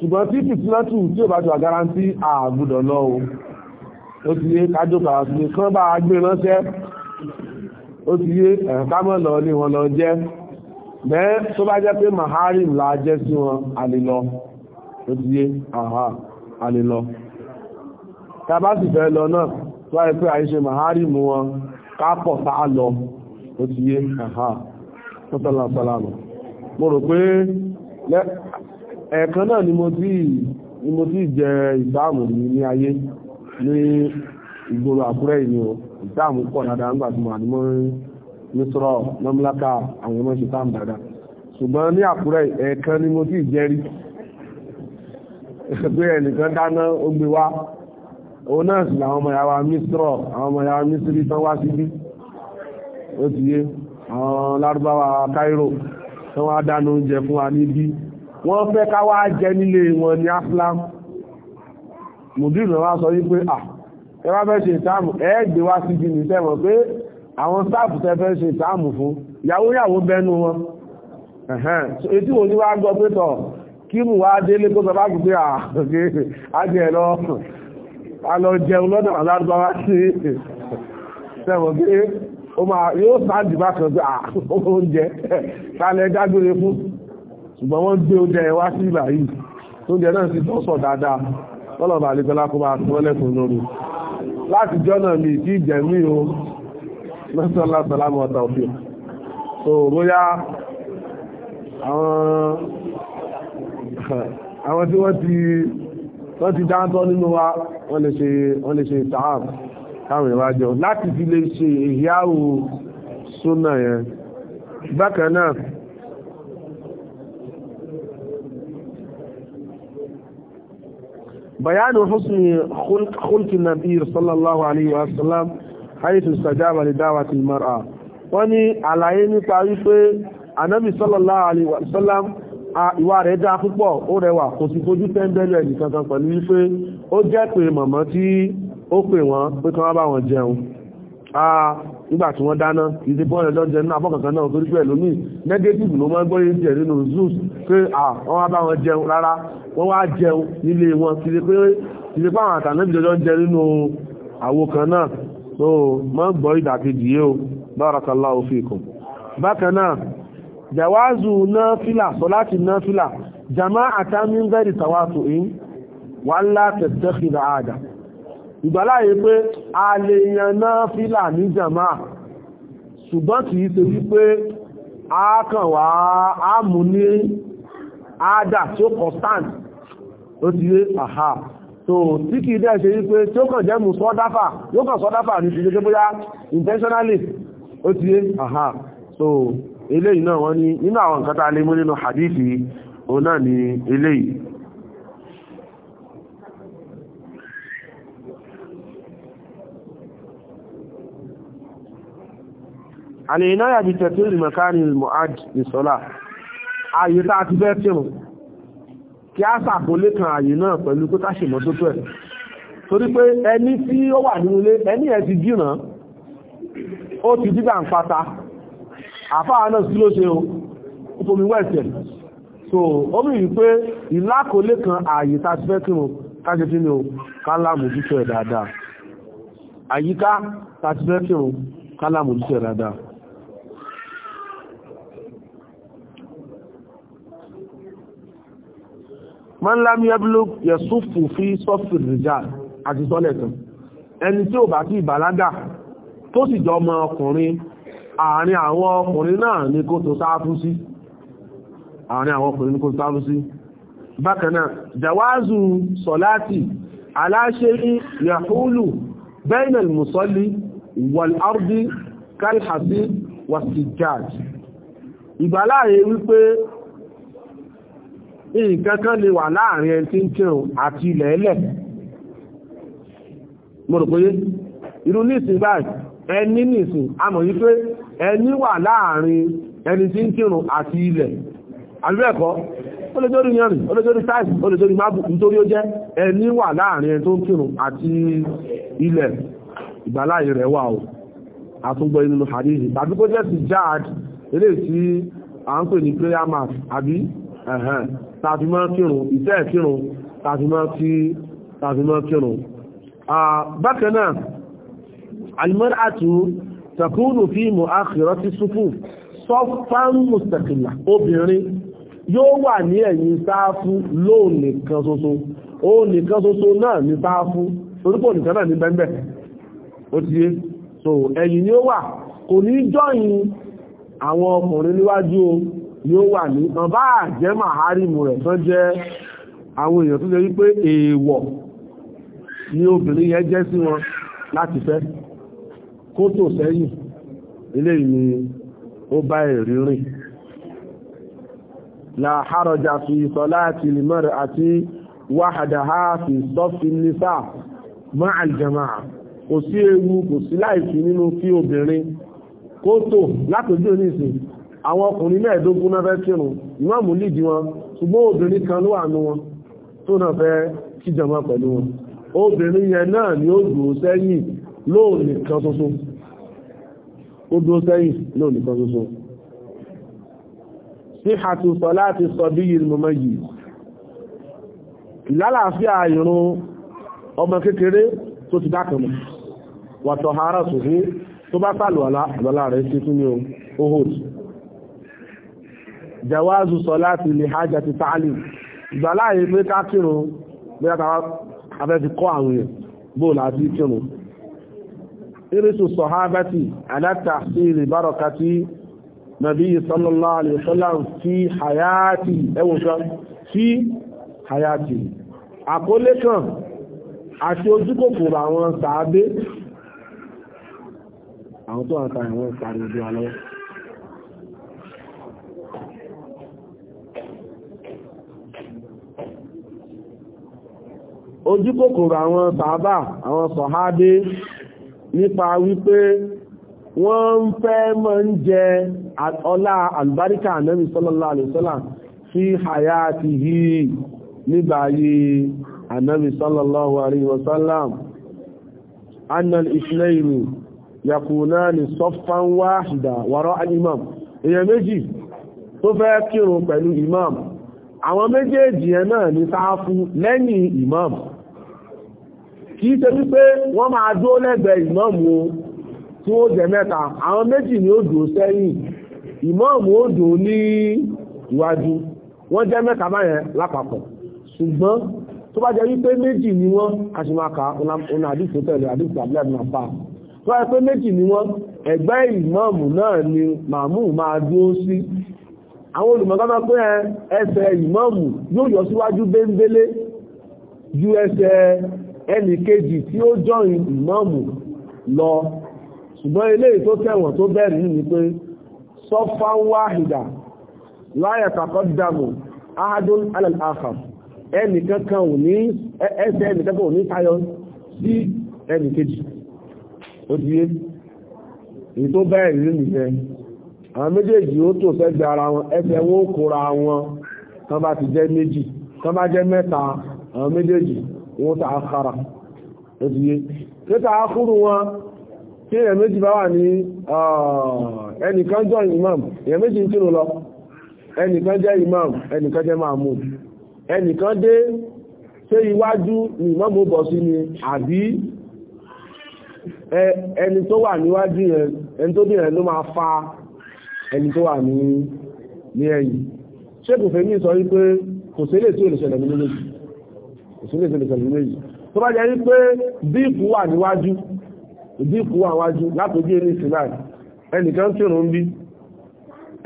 ṣùgbọ́n tí fìtínátù tí ò bá jọ àgárántí àgbùdọ̀ lọ o ó ti yé kájọ kàrà sí kán bá gbé ránṣẹ́ ó ti yé ẹ̀kámọ́ lọ ní wọn lọ jẹ́ bẹ́ẹ̀ tó bá jẹ́ pé maharim la jẹ́ sí wọn àlelọ ó ti yé àhà àlelọ tàbá sì fẹ́ lọ náà tó wáyé pé àìṣe maharim wọn kápọ̀ tá a lọ ó ti yé àhà mọ́sálàmù mo rò pé ẹ̀ẹ̀kan náà ni mo ti ni mo ti jẹ ìsáàmù mi ní ayé ní ìgboro àkúrẹ́ ìní o ìsáàmù pọ̀ dáadáa nígbà tí mo àdúmọ́ ní sọ́rọ̀ mọ́míláka àwọn ọmọ ìsáàmù dáadáa ṣùgbọ́n ní àkúrẹ́ ẹ̀ẹ̀kan ni mo ti jẹ rí pé ẹnìkan dáná ó gbé wá òun náà sì làwọn ọmọ ìyàwó mísírọ̀ àwọn ọmọ ìyàwó mísírì tán wá síbí ó ti yé àwọn lárúbáwá Cairo tán wá dáná oúnjẹ fún wa níbí wọ́n fẹ́ ká wá jẹ nílé wọn ní aflam mùdínà wá sọ wípé à ẹwà fẹ́ ṣe ìtààmù ẹ́ẹ̀gbẹ̀ wá sí gini tẹ́mọ̀ pé àwọn sáàpù tẹ́ fẹ́ ṣe ìtààmù fún yàwóyàwó bẹnu wọn yóò sáàdì bá kan pé oúnjẹ tálẹ̀ dágbére fún ṣùgbọ́n wọ́n gbé oúnjẹ wá sí ìgbà yìí tó jẹ náà sì tọ́sọ̀ dáadáa tọ́lọ̀bà àlejọ́lá kó máa tún ẹlẹ́kùn lórí láti jọ́nà mi kí ìjẹ̀mí o lọ́sọ̀lá sọ̀lámù ọ̀tà òfin so bóyá بيان حسن خلق, خلق النبي صلى الله عليه وسلم حيث استجاب لدعوة المرأة واني على يني تعريف النبي صلى الله عليه وسلم ìwà rẹ̀ dá púpọ̀ ó rẹwà kò sí fojú tẹ́ńbẹ́lẹ̀ nìkankan pẹ̀lú wípé ó jẹ́ pé màmá tí ó pè wọ́n pé kan wá bá wọn jẹun nígbà tí wọ́n dáná kì í ti bọ́ọ̀lù lọ́jọ́ nínú abọ́kankan náà torí pẹ̀lú mí nẹ́gẹ́tìfù ló máa ń gbọ́yé tiẹ̀ nínú zoos pé wọ́n wá bá wọn jẹun rárá wọ́n wá jẹun nílé wọn kì í ti pé àwọn àtànábì jọjọ́ ń jẹ nínú àwo kan náà so mọ́ gbọ́ ìdàkejì yìí o barakallahu fikum bákan náà jàwáàzù náà fìlà sọláàtì náà fìlà jàmáà àtàmí ń bẹ̀rẹ̀ ìgbàláyé pé a lè yan náà fílà ní jàmá ṣùgbọ́n kìí ṣe wípé a kàn wá a mú ní àádà tí ó constant ó ti yé àhá so tí kìí dẹ́ ṣe wípé tí ó kàn jẹ́mù sọ́dáfà yóò kàn sọ́dáfà ní ṣe jẹ́ bóyá intentionally ó ti yé àhá so eléyìí náà wọ́n ní nínú àwọn nǹkan tá a lè mú nínú hadithi òun náà ni eléyìí àlèyìnáyà bí tẹ̀tí ìmọ̀kánì mohad ìsọ́lá ààyè tàà ti bẹ́ẹ̀ tírùn kí a sàpólé kan ààyè náà pẹ̀lú kó tá ṣèmọ́tótó ẹ̀ torí pé ẹni tí ó wà nínú ẹni ẹ̀ ti jìnà ó ti dígbà ń pata àfáà náà sí o ó fomi wẹ̀sẹ̀ so ó mì wípé ìlákòólé kan ààyè tàà ti bẹ́ẹ̀ tírùn káṣe kí ni o kálàmù jíṣẹ́ dáadáa àyíká tàà ti bẹ́ẹ̀ tírùn kálàmù jíṣẹ́ dáadáa man lam yablug yasufu fi sọ́fì rijal àti sọ́lẹ̀tàn ẹni tí ò bá ti ìbàlágà tó sì jọ ọmọ ọkùnrin àárín àwọn ọkùnrin náà ni kó tó sáfú sí àárín àwọn ọkùnrin ni kó tó sáfú sí bákanáà jawazu sọláti aláṣẹ́ yahulu bainal musalli wal ardi kalhasi wasijjaj ìgbàláyé wípé nǹkan kan lè wà láàrin ẹni tí ń àti ilẹ̀ ẹlẹ̀ mo irú nísìn báyìí ẹni nísìn àmọ̀ yí pé ẹni wà láàrin ẹni tí ń àti ilẹ̀ àlúẹ̀kọ́ olójórí táìsì mábù nítorí ó jẹ́ ẹni wà láàrin ẹni tó ń àti ilẹ̀ rẹ̀ wà o àtúgbọ́ inú tàbí kó jẹ́ sí jáàd eléyìí tí à ń pè ní prayer tàbí máa kírun ìfẹ́ kírun tàbí máa kírun bákan náà almar'atu takunu fi mu'akhirati sufuf safan mustaqilla obìnrin yóò wà ní ẹ̀yìn sáfú lóòn nìkan ṣoṣo ó nìkan ṣoṣo náà ní sáfú torípò nìkan náà ní bẹ́ẹ̀ ó ti yé so ẹ̀yìn ni ó wà kò ní jọyìn àwọn ọkùnrin níwájú o yóò wà ní ọba àjẹ́ màárìmù rẹ̀ tán jẹ́ àwọn èèyàn tó jẹ́ wípé èèwọ̀ ni obìnrin yẹn jẹ́ sí wọn láti fẹ́ kó tó sẹ́yìn ilé ìní ó bá ẹ̀rí rìn la haraja fi salati limar àti wahadaha fi sọ́fì nisa ma'al jama'a kò sí ewu kò sí láìsí nínú kí obìnrin kó tó látòjú oníṣẹ́ àwọn ọkùnrin mẹ́ẹ̀ẹ́dógún náà fẹ́ kírun ìmáàmù lídìí wọn ṣùgbọ́n obìnrin kan ló wà nú wọn tó náà fẹ́ kíjọmọ pẹ̀lú wọn obìnrin yẹn náà ni ó dúró sẹ́yìn lóòrùn kan ṣoṣo ó dúró sẹ́yìn lóòrùn kan ṣoṣo sí àtúnṣọ láti sọ bí yìí mọ́mọ́ yìí ìlàlàáfíà ìrun ọmọ kékeré tó ti dákanmọ̀ wàtọ̀ hara tó bá sàlùwàlá àbálà rẹ̀ sí fún ní ohun jawazu salati li hajati ta'lim ìgbàláyé pé ká kírun bóyá ká afẹ́ fi kọ́ àwọn èèyàn bóò láti kírun irisu sọ̀hábátì aláta sí ìrìbárọ̀kátí nàbí sallallahu alaihi wasallam fi hayati ẹwùnkan fi hayati àkólé kan àti ojúkòkòrò àwọn sàábé àwọn tó wà ń ta àwọn ìpàdé ojú alọ́wọ́ ojú kòkòrò àwọn sàábà àwọn sọ̀hádé nípa wípé wọ́n ń fẹ́ mọ́ ń jẹ ọlá àlùbáríkà ànábì sallallahu alaihi wasallam fi hayatihi nígbà ayé ànábì sallallahu alaihi wasallam annal islayni yakunani sọfán wáhìdà wàrọ́ al-imam èèyàn méjì tó fẹ́ kírun pẹ̀lú imam àwọn méjèèjì ẹ̀ náà ní sáfú lẹ́yìn imam kìí ṣe wípé wọ́n máa dúró lẹ́gbẹ̀ẹ́ ìmọ̀ọ̀mù tí wọ́n jẹ mẹ́ta àwọn méjì ni ó dùn sẹ́yìn ìmọ̀ọ̀mù ó dùn ní ìwájú wọ́n jẹ́ mẹ́ta báyẹn lápapọ̀ ṣùgbọ́n tó bá jẹ́ wípé méjì ni wọ́n aṣèmáka ọ̀nà àdìsí tẹ̀lé àdìsí àbílẹ̀ náà bá tó bá jẹ́ pé méjì ni wọ́n ẹ̀gbẹ́ ìmọ̀ọ̀mù náà ni màmú máa dúró sí àwọn olùmọ̀gọ́gọ́ pé ẹsẹ̀ ìmọ̀ọ̀mù yóò yọ síwájú bẹ́ńbélé ju ẹsẹ̀ ẹnì kejì tí ó jọyìn ìmáàmù lọ ṣùgbọ́n eléyìí tó tẹ̀wọ̀n tó bẹ̀rẹ̀ ní pé sọ́fà wáhìdà láyà kàkọ́ dàmù ahadun alàlàkà ẹnì kankan ò ní ẹsẹ̀ ẹnì kankan ò ní tayọ sí ẹnì kejì ó ti yé èyí tó bẹ̀rẹ̀ nínú ìfẹ́ àwọn méjèèjì ó tò sẹ́gbẹ̀ ara wọn ẹsẹ̀ wọn ó kóra wọn tán bá ti jẹ́ méjì tán bá jẹ́ mẹ́ta àwọn méjèèjì wọ́n tà àkàrà ẹ̀dìyẹ tẹ́ta àkúrù wọn tí èyàn méjì bá wà ní ah, ẹnìkan jọ imam èyàn méjì ń kírù lọ ẹnìkan jẹ́ imam ẹnìkan jẹ́ mahmud ẹnìkan dé ṣé iwájú ni imam ó bọ̀ sí ni àbí ẹni tó wà níwájú yẹn ẹni tó dìrẹ̀ ló máa fa ẹni tó wà ní ẹ̀yìn ṣé kò fẹ́ ní sọ wípé kò sí lè tí òsínlẹ̀ pẹ̀lú méjì tó bá jẹ́ wípé díìpù wà níwájú díìpù wà níwájú látòjú eré sinai ẹnìkan kírun bí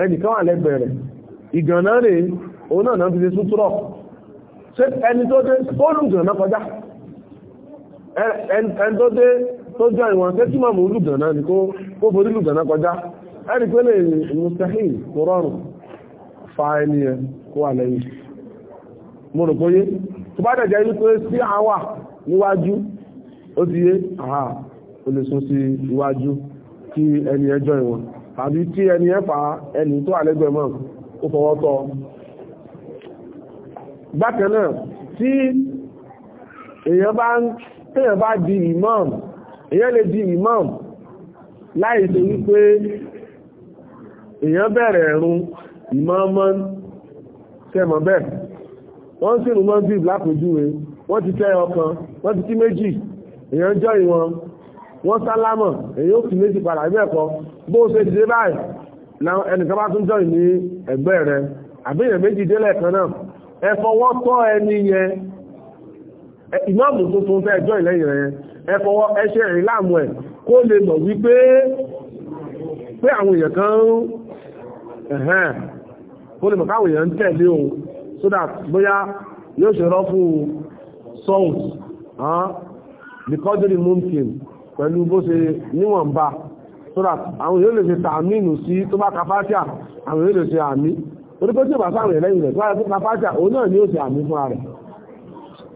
ẹnìkan wà lẹ́gbẹ̀ẹ́ rẹ̀ òun náà fi ṣe sútúrọ̀ ẹni tó dé na kọjá ẹni tó dé tó ìwọ̀n tẹ́ tí màmú ni kó kọjá ẹni pé lè rọrùn fa ẹni ẹ kó wà lẹ́yìn mo rò tó bá dẹ̀ jẹ́ wípé sí àwà níwájú ó ti yé àhà ó lè sún sí iwájú kí ẹni ẹjọ́ ìwọ̀n tàbí tí ẹni ẹ fa ẹni tó àlẹ́gbẹ̀ẹ́ mọ́ ó fọwọ́ tọ́ bákan náà tí èèyàn bá téèyàn bá di imam èèyàn lè di imam láì ṣe wípé èèyàn bẹ̀rẹ̀ ẹ̀rùn ìmọ̀ọ́mọ́ tẹ́mọ̀ bẹ́ẹ̀ wọ́n sì rún mọ́sí lápòjúwe wọ́n ti tẹ́ ọkàn wọ́n ti kí méjì èèyàn jọ ìwọ̀n wọ́n sálámọ̀ èyí ó fi méjì padà bí ẹ̀kọ́ bó ṣe dìde báyìí làwọn ẹnìkan bá tún jọ ní ẹ̀gbẹ́ rẹ̀ àbí èèyàn méjì délẹ̀ kan náà ẹ fọwọ́ tọ́ ẹni yẹn ìmáàmù tuntun fẹ́ jọ ìlẹ́yìn rẹ̀ ẹ fọwọ́ ẹ ṣe ìrìn láàmú ẹ̀ kó lè mọ̀ wípé pé àwọn èèyàn kan ń ẹ̀hẹ́n kó lè mọ̀ káwọn èèyàn ń tẹ̀lé òun so that bóyá yóò ṣe rọ́fù songs bíkọ́dúrì mumkin pẹ̀lú bó ṣe níwọ̀nba so that àwọn yóò lè ṣe tààmínù sí tó bá kafáṣà àwọn yóò lè ṣe àmì torí pé tí ò bá sáwọn ẹ̀lẹ́yìn rẹ̀ tó bá ṣe kafáṣà òun náà ni ó ṣe àmì fúnra rẹ̀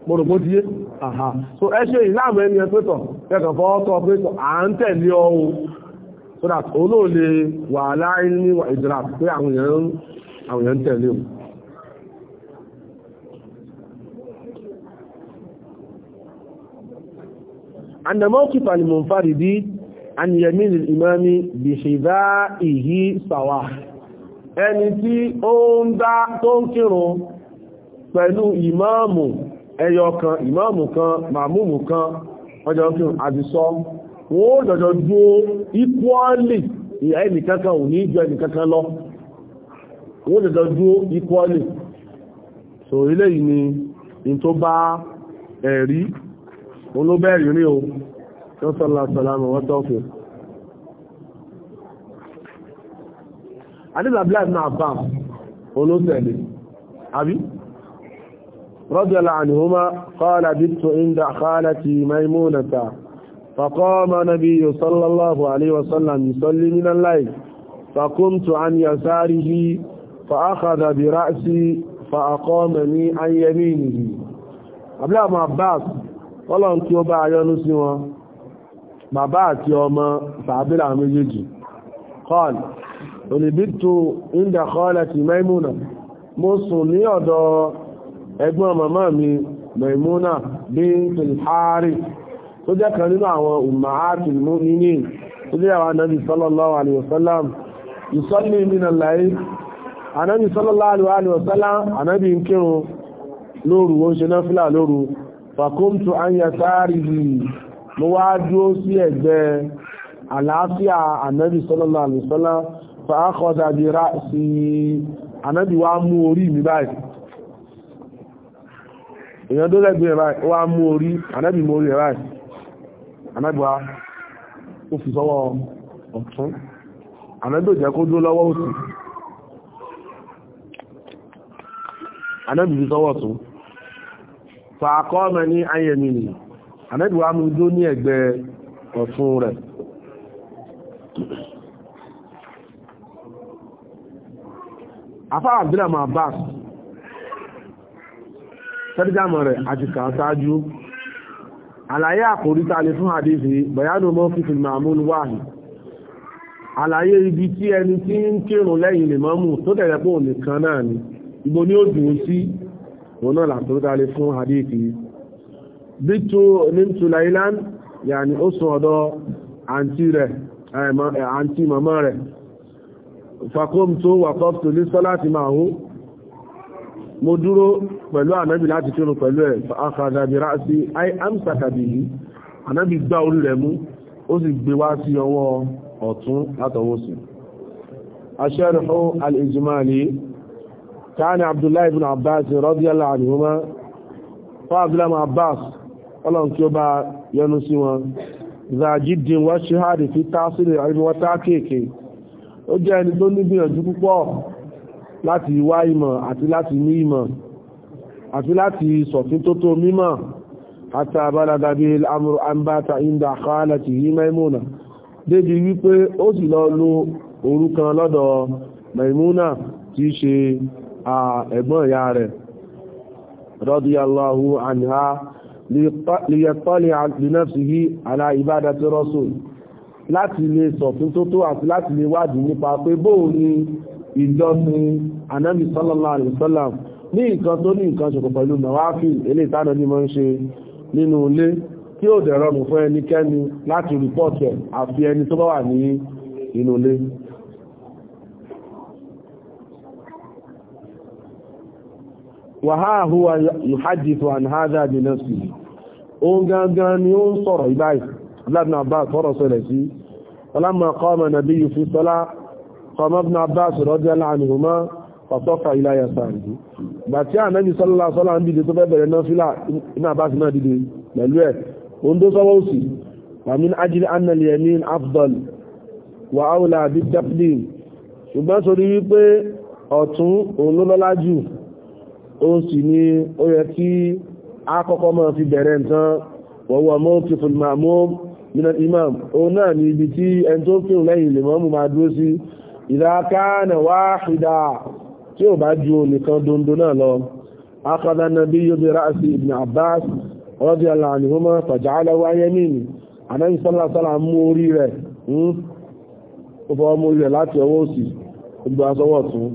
gbọ́dọ̀gbọ́ ti yé àhà so ẹ ṣe ìlàmù ẹni ẹ̀pẹ́tọ̀ kẹkàn fọ́ tọ́ pé à ń tẹ̀lé ọ̀hún so that olóòlè wà láì ní ìdìrà pé àwọn èèyàn ń tẹ̀lé ọ̀hún أن موقف المنفرد أن يميل الإمام بحذائه سواء ẹni tí ó ń dá tó ń kírun pẹ̀lú ìmáàmù ẹyọ kan ìmáàmù kan màmúmù kan ọjọ́ kírun àdìsọ́ wọ́n ó jọjọ dúó equally ẹnìkankan ò ní jọ ẹnìkankan lọ wọ́n ó jọjọ dúó equally so eléyìí ni in tó bá ẹ̀rí òun ló bẹ́ẹ̀rì rí o yóò sọ́lá sọ́lámù wọ́n tọ́kù àdíjà black náà bá olóṣèlú àbí rọ́dọ̀lá àníhúmá kọ́ọ̀lá bíktù inda khalati maimunata فقام نبي صلى الله عليه وسلم يصلي من الليل فقمت عن يساره فأخذ برأسي فأقامني عن يمينه أبلا ما عباس kọ́lọ̀n kí ó bá ayọ́nú sí wọn bàbá àti ọmọ sàábìlà méjèèjì kọ́l olùbítù ìndà kọ́lẹ̀ ti Maimuna mo sùn ní ọ̀dọ̀ ẹgbọ́n màmá mi Maimuna bintul Harith tó jẹ́ kan nínú àwọn ummahatul mu'minin tó jẹ́ àwọn anábì sallallahu alaihi wasallam yusalli min al-layl anábì sallallahu alaihi wasallam anábì ń lóru ó ń ṣe náfìlà lóru fàkóntù anyasárìrì mo wá dúró sí ẹ̀gbẹ́ àlàáfíà ànábì sallallahu alaihi wasallam fàákọ̀dà bí rá sí ànábì wá mú orí mi báyìí èyàn tó lẹ́gbẹ̀ẹ́ báyìí wá mú orí ànábì mú orí ẹ̀ báyìí ànábì wá ó fi sọ́wọ́ ọ̀tún ànábì òjẹ́ kó dúró lọ́wọ́ fàákọ́ọ̀mẹ́ ní ayẹ̀mìnì ànẹ́bìwá mú dó ní ẹ̀gbẹ́ ọ̀tún rẹ̀ afá abdullam abbas sẹ́díjàmọ̀ rẹ̀ àti kàásáájú àlàyé àkòríta lè fún hadithi bayanu fífì ma'amúlù wáhì àlàyé ibi tí ẹni tí ń lẹ́yìn lè mọ́mù tó tẹ̀lẹ̀ pọ̀ nìkan náà ibo ni wọn náà làtúrúdálé fún hadithi bítu nímtu lailan yàní ó sùn ọ̀dọ̀ àǹtí rẹ̀ àǹtí màmá rẹ̀ fàkóm tó wà kọ́pù ní sọ́láti máa hó mo dúró pẹ̀lú ànábì láti kírun pẹ̀lú ẹ̀ àkàdàbìrá sí i amsakabi yìí ànábì gbá orí rẹ̀ mú ó sì gbé wá sí al-ijmali كان عبد الله بن عباس رضي الله عنهما فعبد الله عباس الله tí ó bá yọ́nú sí wọn في wọ́n ṣe hàrí fi tásílẹ̀ àríwá wọ́n tákèèkè ó jẹ́ ẹni tó ní gbìyànjú púpọ̀ láti wá ìmọ̀ àti láti ní ìmọ̀ àti láti sọ̀fin tó tó mímọ̀ àti àbálada bí amúrú ambata inda kọ́álà ti yí maimuna débi wípé ó sì lọ lo òru lọ́dọ̀ maimuna tí ṣe ẹ̀gbọ́n ìyá rẹ̀ radiyallahu anha liyẹ̀tọ́lẹ̀ àgbìnàfihì àlà ìbádàtí rọ́sùn láti lè sọ̀tún tó tó àti láti lè wádìí nípa pé bóò ni ìjọsìn anábì sallallahu alaihi wasallam ní nǹkan tó ní nǹkan ṣòkò pẹ̀lú nawafil ilé ìtànà ní mọ́ ń ṣe nínú ilé tí ó dẹ̀rọ̀mù fún wàhá àhúwà ìhajjìtò àníhádà jìnàsì oun gangan ni ó ń sọ̀rọ̀ ìbáyìí ibn Abbas sọ̀rọ̀ sọ̀rọ̀ sí ọlámà qama nabiyyu fi sọ́lá qama ibn Abbas radiyallahu anhuma ọ̀tọ́fà ila yasarihi gbà tí ànábì sọ́lá sọ́lá ń dìde tó fẹ́ bẹ̀rẹ̀ náà fílà ibn Abbas náà dìde pẹ̀lú ẹ̀ oun tó sọ́wọ́ òsì wa min ajli anna al-yamin afdal wa awla bit-taqdim ṣùgbọ́n sórí wípé ọ̀tún òun ló lọ́lá jù ó sì ní ó yẹ kí a kọ́kọ́ máa fi bẹ̀rẹ̀ nǹkan wọ̀wọ̀ mọ́kífùn ma'mum minal imam ó náà ní ibi tí ẹni tó kírun lẹ́yìn lè mọ́mù máa dúró sí idha kana wahida tí ò bá ju nìkan dondo náà lọ akhadha an-nabiyyu bi ra'si ibn abbas radiyallahu anhuma faja'alahu an yamini ànábì sallallahu alaihi wasallam mú orí rẹ̀ hmm? ó fọwọ́ mú orí rẹ̀ láti ọwọ́ òsì gbogbo asọwọ́ tún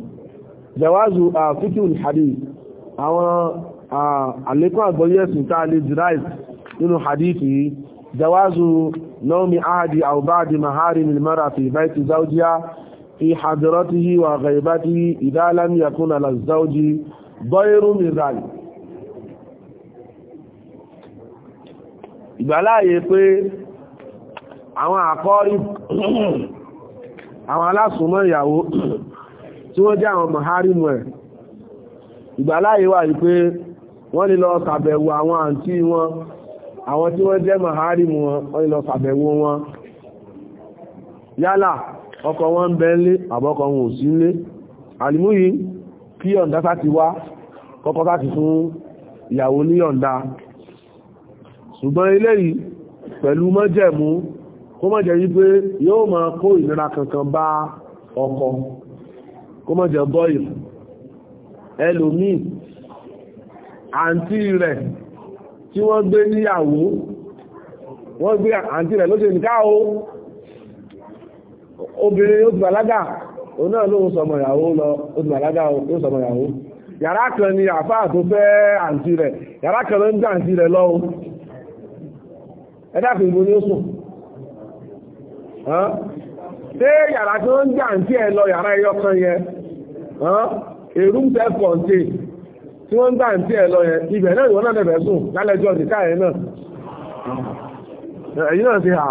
jawazu àfikún ah, hadith àwọn àlékún àgbọ́yé ẹ̀sìn tá a lè derive nínú hadithi yìí jawazu naomi ahadi aubadi mahari milmara fi baiti zawjiya fi hadiratihi wa ghaibatihi idha lam yakuna la zawji dọ́irú mìíràn ìgbàláyé pé àwọn àkọ́rí àwọn alásùnmọ́ ìyàwó tí wọ́n jẹ́ àwọn maharimu ẹ̀ ìgbàláyé wà wípé wọ́n lè lọ sàbẹ̀wò àwọn àǹtí wọn àwọn tí wọ́n jẹ́ mahari mu wọn wọ́n lè lọ sàbẹ̀wò wọn yálà ọkọ wọn ń bẹ ńlé àbọ́kọ wọn ò sí ńlé àlìmú yìí kí yọ̀ǹda sá ti wá kọ́kọ́ sá ti fún ìyàwó ní yọ̀ǹda ṣùgbọ́n eléyìí pẹ̀lú mọ́jẹ̀mú kó má jẹ́ wípé yóò máa kó ìnira kankan bá ọkọ kó má jẹ́ bọ́ìlì Elumi. àǹtí rẹ̀ tí wọ́n gbé níyàwó wọ́n gbé àǹtí rẹ̀ ló ṣe obìnrin ó ti bàlágà o náà lóhun sọmọ ìyàwó lọ ó ti bàlágà ó sọmọ ìyàwó yàrá kan ni afa tó fẹ́ àǹtí rẹ̀ yàrá kan ló ń gbà àǹtí rẹ̀ lọ́wọ́ ẹ̀dá kìí ni ó sùn ṣé yàrá tí ń àǹtí ẹ̀ lọ yàrá ẹyọ kan èrún tẹ́ kọ̀ǹté tí wọ́n ń gbà ń tí ẹ̀ lọ yẹn ibẹ̀ náà ìwọ́n náà bẹ̀rẹ̀ sùn lálẹ́jọ́ nìka yẹn náà ẹ̀yìn náà ti hà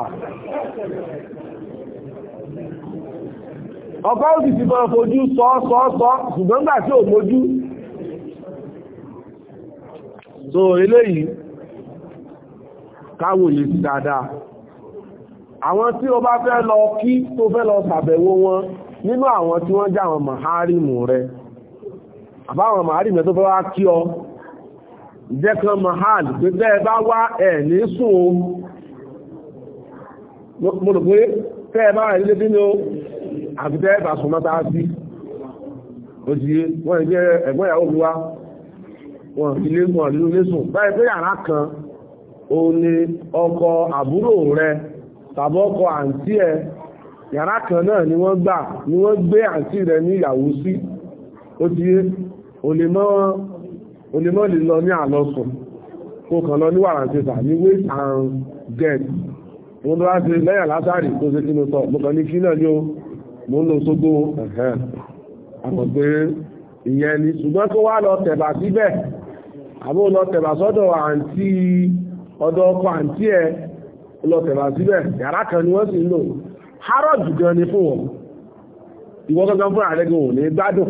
ọkọ̀ òsì ti máa fojú sọ sọ sọ ṣùgbọ́n gbà tí ò mójú so eléyìí káwòye sí dáadáa àwọn tí o bá fẹ́ lọ kí tó fẹ́ lọ ṣàbẹ̀wò wọn nínú àwọn tí wọ́n já àwọn màhárìmù rẹ̀ àbáwọn a tó bá wá kí ọ jẹ́kan mahal pé bá wá ẹ̀ ní sùn ohun mo pé bá àti sùn mọ́ta sí wọ́n ẹ̀gbọ́n ìyàwó mi wá ilé nínú ilé sùn kan o ní àbúrò rẹ tàbí àǹtí ẹ yàrá kan náà ni wọ́n gbà ni wọ́n gbé àǹtí rẹ ní ìyàwó sí o onímọ̀ lè lọ ní àlọ́sùn kó kàn lọ ní wàràǹtẹ́sà ní wait and get wọ́n tó láti lẹ́yà látàrí tó ṣe kí ló sọ mọ́kàn ní kí náà ní o mo ń lọ sógbó ẹ̀hẹ́n àmọ̀ pé ìyẹn ni ṣùgbọ́n tó wá lọ tẹ̀bà síbẹ̀ àbó lọ tẹ̀bà sọ́dọ̀ àǹtí ọ̀dọ̀ ọkọ àǹtí ẹ̀ lọ tẹ̀bà síbẹ̀ yàrá kan ni wọ́n sì ń lò harrods gan ni fún wọn ìwọ́n gangan fún àrẹ́gùn ò gbádùn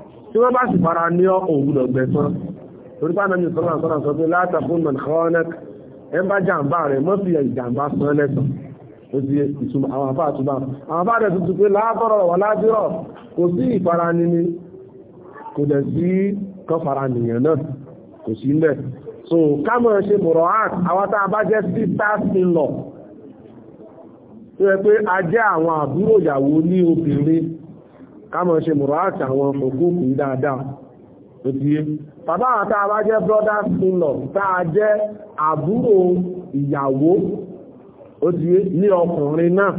tí wọ́n bá sì fara ní ọkọ̀ ògùdọ̀ gbẹ̀sán torí bá nàmi sọ́nà sọ́nà sọ pé látàkùn mọ̀ nìkanẹ́k ẹ bá jàǹbá rẹ̀ mọ́ fi ìjàǹbá san lẹ́sàn ó ti ìtumọ̀ àwọn afá àtúbà àwọn afá rẹ̀ tuntun pé ni kò dẹ̀ sí kọfara nìyẹn so kámọ̀ ṣe bọ̀rọ̀ art àwọn tá a bá jẹ́ sisters in law tó yẹ pé kámọ̀ ṣe mùràtà àwọn òkúkù dáadáa tó ti yé bàbá àtà bá jẹ́ brothers in law táa jẹ́ àbúrò ìyàwó ó ti yé ní ọkùnrin náà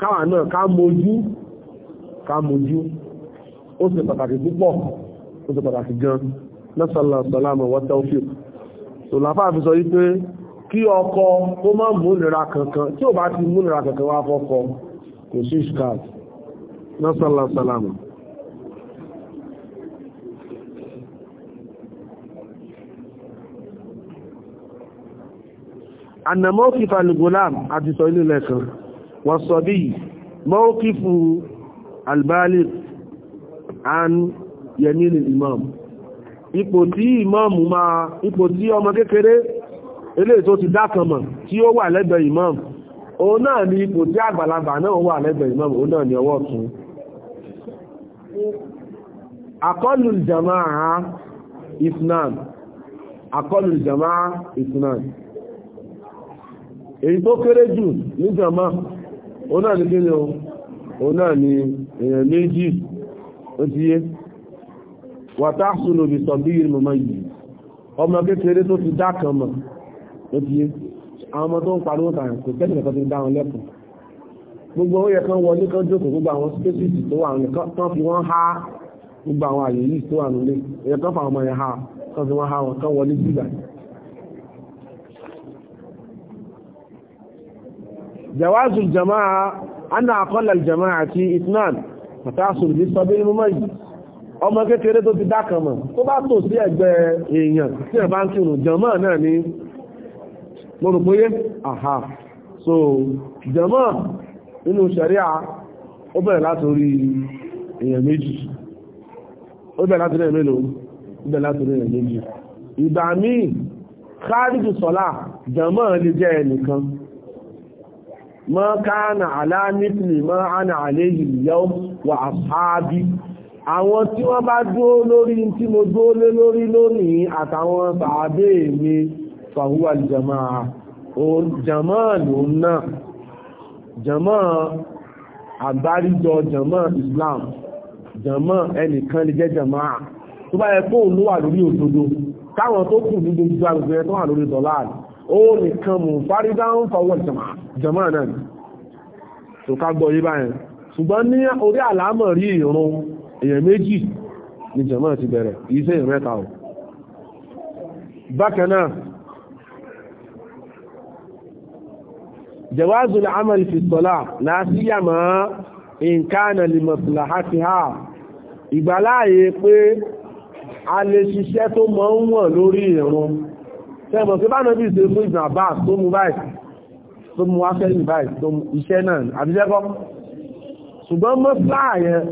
káwà náà ká mojú ká mojú ó ṣe pàtàkì púpọ̀ ó ṣe pàtàkì gan lọ́sọ̀lọ́ sọ́lámọ̀ wọ́tẹ́ òfin tòláfà kò sí ṣkáàtì nasala salama anna mọ́kífà al-gulam àti sọ ilé lẹ́kan wọ́n sọ bí mọ́kífù al-baligh an yamin imam ipò tí imam máa ipò tí ọmọ kékeré eléyìí tó ti dákanmọ̀ tí ó wà lẹ́gbẹ̀ẹ́ imam òun náà ni ipò tí àgbàlagbà náà wà lẹ́gbẹ̀ẹ́ imam òun náà ni ọwọ́ ọ̀tún akọlul jama'a isnan akọlul jama'a isnan èyí tó kéré jù ní jama'a ó ní o ó náà ní èèyàn méjì ó ti yé wàtá sùnù bí sọ̀bí ìrìnmọ̀mọ̀ yìí ọmọ kékeré tó ti dá kan mọ̀ ó ti yé àwọn ọmọ tó ń kò tẹ́lẹ̀ gbogbo ó yẹ kán wọlé kán jókòó gbogbo àwọn spaces tó wà ní kán fi wọ́n há gbogbo àwọn àyè yìí tó wà nílé ẹ̀yẹ kán fàwọn ọmọ yẹn há kán fi wọ́n há wọn kán wọlé gbígbà جواز الجماعة أن أقل الجماعة اثنان فتحصل بالصبي المميز ọmọ kékeré tó ti dákanmọ̀ tó bá tò sí ẹgbẹ́ èèyàn tí ẹ̀bá ń kírun jàmá náà ni mo rò bóyé àhà so jàmá nínú ṣẹ̀ríà ó bẹ̀rẹ̀ látorí èèyàn méjì ó bẹ̀rẹ̀ látorí èèyàn mélòó ó bẹ̀rẹ̀ látorí èèyàn méjì ìgbà míì káàdìjù sọ́lá jẹ̀mọ́ lè jẹ́ ẹnìkan mọ́ káànà aláàmìtìlì mọ́ ánà àléyìn yọ́ wà àṣáábí àwọn tí wọ́n bá dúó lórí tí mo dúó lé lórí lónìí àtàwọn sàábé mi fàhúwà jẹ̀mọ́ jẹ̀mọ́ jàmọ́ àgbáríjọ jàmọ́ Islam jàmọ́ ẹnìkan lè jẹ́ jàmọ́ à tó bá yẹ kó òun ló wà lórí òdodo káwọn tó kù ní gbogbo agbègbè tó wà lórí dọ̀là ó nìkan mú fárídá ń fọwọ́ jàmọ́ náà ni tó ká gbọ́ yí báyẹn ṣùgbọ́n ní orí àlámọ̀ rí ìrun èèyàn méjì ni jàmọ́ ti bẹ̀rẹ̀ kì í ṣe ìrẹ́ta ò bákan جواز العمل في الصلاة لا سيما إن كان لمصلحتها ìgbàláyé pé a lè ṣiṣẹ́ tó mọ́ ń wọ̀n lórí ìrun tẹ́mọ̀ tí bá náà bí ṣe fún ìgbà bá tó mú báyìí tó mú wáṣẹ́lì báyìí tó mú iṣẹ́ náà àbíṣẹ́kọ́ ṣùgbọ́n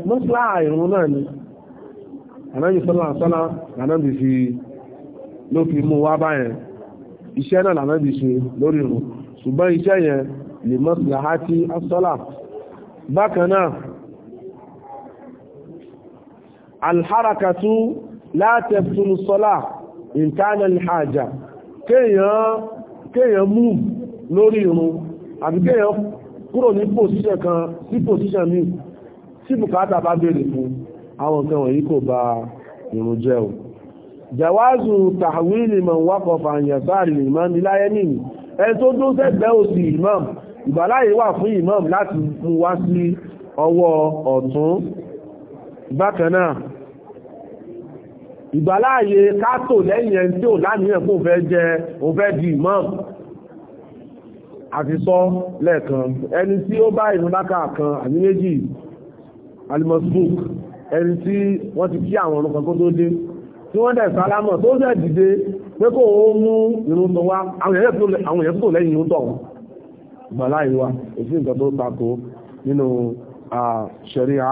mọ́sílá ìrun náà ni ṣùgbọ́n iṣẹ́ yẹn lè mọ́sílá àti asọ́là bákan náà alhárakatú látẹ̀tún sọ́lá ìtànà ìhàjà kéèyàn mú lórí irun àbí kéèyàn kúrò ní pòsíṣẹ̀ kan sí pòsíṣẹ̀ míì tí bùkátà bá béèrè fún àwọn nǹkan wọ̀nyí kò bá irun jẹ́ o jawazu tahwili man waqafa an yasari liman la ẹni tó dún sẹ́gbẹ́ òsì imam ìgbàláyé wà fún imam láti mú wá sí ọwọ́ ọ̀tún bákanáà ìgbàláyé kátò lẹ́yìn ẹni tí ò láníyàn fún fẹ́ jẹ òun di imam àti sọ lẹ́ẹ̀kan ẹni tí ó bá ìrúnlákà kan àní méjì alimọ̀síbùk ẹni tí wọ́n ti kí àwọn ọ̀nà kó tó dé tí wọ́n dẹ̀ sálámọ̀ tó sẹ̀ dìde pé kó o mú irun tó wá àwọn èèyàn tó lẹ́yìn irun tọ̀hún bàlá ìwà òfin nǹkan tó tako nínú ṣẹ̀ríà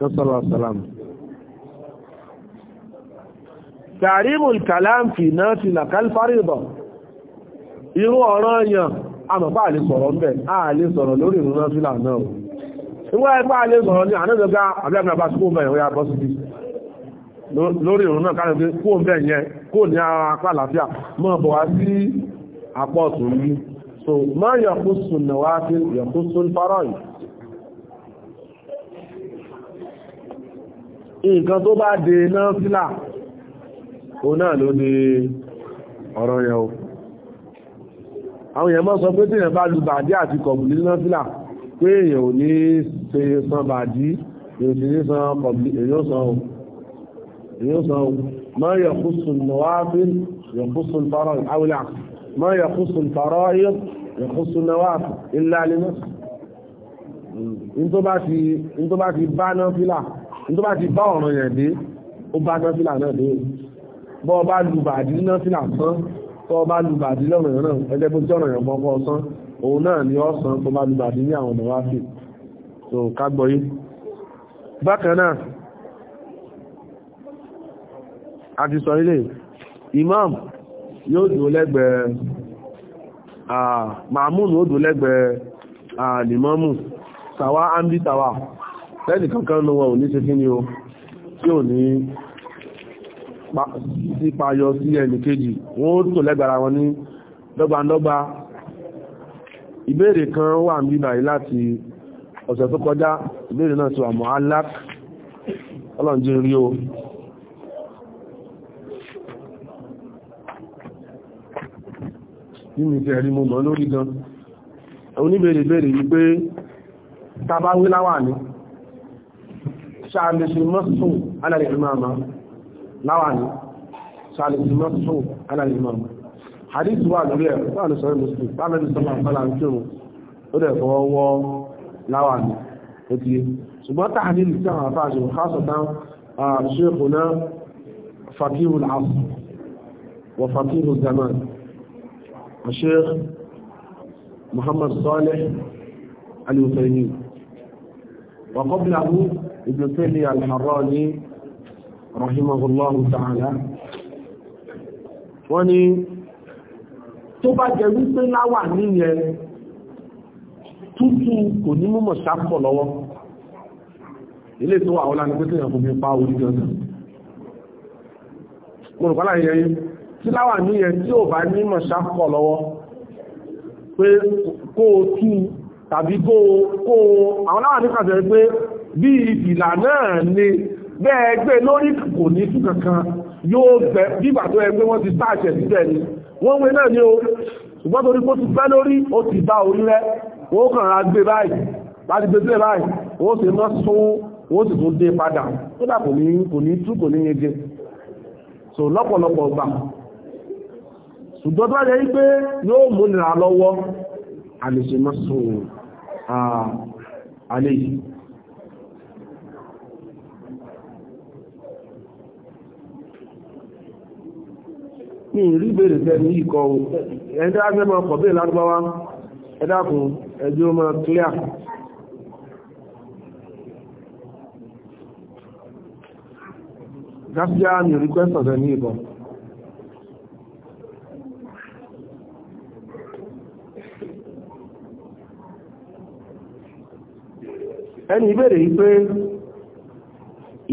sọ́sọ́lá sàlám náà ti nà kálfàríbọ̀ irú ọ̀rọ̀ yàn àmọ̀pá àlè sọ̀rọ̀ ń bẹ̀ àlè sọ̀rọ̀ lórí ìrun náà náà ìwọ́ ẹgbẹ́ àlè sọ̀rọ̀ ní lórí ìrùn náà káàkiri kó ń bẹ̀ yẹn kó ní ara apá àlàáfíà mọ́ bọ̀ wá sí apọ̀ ọ̀tún yìí so má yọ̀kú sùn náà wá sí yọ̀kú sùn fọ́rọ̀ yìí nǹkan tó bá de náà sílà o náà ló de ọ̀rọ̀ yẹn o àwọn èèyàn mọ́ sọ pé tí èèyàn bá lu bàdí àti kọ̀bùlì náà sílà pé èèyàn ò ní ṣe san bàdí èèyàn ò sì ní san kọ̀bùlì èèyàn san o èyí sọ ma yakhussu nawafil yakhussu al-fara'id aw al-'aqd ma yakhussu al-fara'id yakhussu an-nawafil illa li nafs ní tó bá ti bá náà fílà ní tó bá ti bá ọ̀ràn yẹn dé ó bá náà fílà náà dé bọ́ ọba lùbàdí náà fílà tán tọ́ ọba lùbàdí lọ́rọ̀ yẹn náà ẹgbẹ́ bó jọ́rọ̀ yẹn bọ́ sán òun náà ni ọ̀sán tó bá lùbàdí ní àwọn ọ̀nà wá sí so kágbọ́yé bákan náà àti sọ ilé imam yóò dúró lẹ́gbẹ̀ẹ́ ma'amun ó dúró lẹ́gbẹ̀ẹ́ àlìmọ́mù tàwà ámbí tàwà kankan lọ ò ní ṣe kí ni o tí ò ní payọ sí kejì wọ́n wọn ní kan wà ń bíbà láti ọ̀sẹ̀ tó kọjá náà o tí mi fẹ́ rí mo mọ̀ lórí gan oníbèrèbèrè wípé tàbá wí láwà ní ṣàlèṣì mọ́sùn alàlèmọ́mà láwà ní ṣàlèṣì mọ́sùn alàlèmọ́mà hadith wà lórí ẹ̀ láàrín sọ́rọ̀ muslim pàmẹ́lú sọ́lá sọ́lá ń kírun ó dẹ̀ fọwọ́ wọ́ láwà ní ó ti ṣùgbọ́n tàhálìlì tí àwọn àfáà ṣe khasatan shaykhuna faqihul asr wa faqihul الشيخ محمد صالح الوثيمين وقبله ابن تيمية الحراني رحمه الله تعالى wọ́n ní tó bá jẹ wípé láwà níyẹn tútù kò ní mú mọ̀ṣápọ̀ lọ́wọ́ ilé tó wà ọlá ní pé tí ìyàn fún mi pa orí jọ́nà mo rùpá láyé yẹn tíláwà ní yẹn tí ò bá ní mọ̀ṣá pọ̀ lọ́wọ́ pé kó o tú tàbí kó o àwọn láwà ní kàtẹ́ pé bí ìfìlà náà ni bẹ́ẹ̀ gbé lórí kò ní tú kankan yóò bẹ̀ bíbà tó ẹgbẹ́ wọ́n ti sáàṣẹ̀ síbẹ̀ ni wọ́n wé náà ni o ṣùgbọ́n torí kó ti pẹ́ lórí ó ti bá orí wọ́n kàn ra gbé báyìí wọ́n sì mọ́ sún wọ́n sì tún dé padà kódà kò ní tú kò ní yege so lọ́pọ̀lọpọ̀ gbà ṣùgbọ́n tó jẹ́ wípé yóò múnira lọ́wọ́ àlèṣemọ́sù àlè yìí ní ìrí bèèrè tẹ́ni ikọ̀ ẹ̀dá agbẹ́mọ̀ ọkọ̀bí lágbáwá ẹ̀dàkùn ẹjọ́ ọmọ clear gáfíà ní ikọ̀ ẹni ìbéèrè yìí pé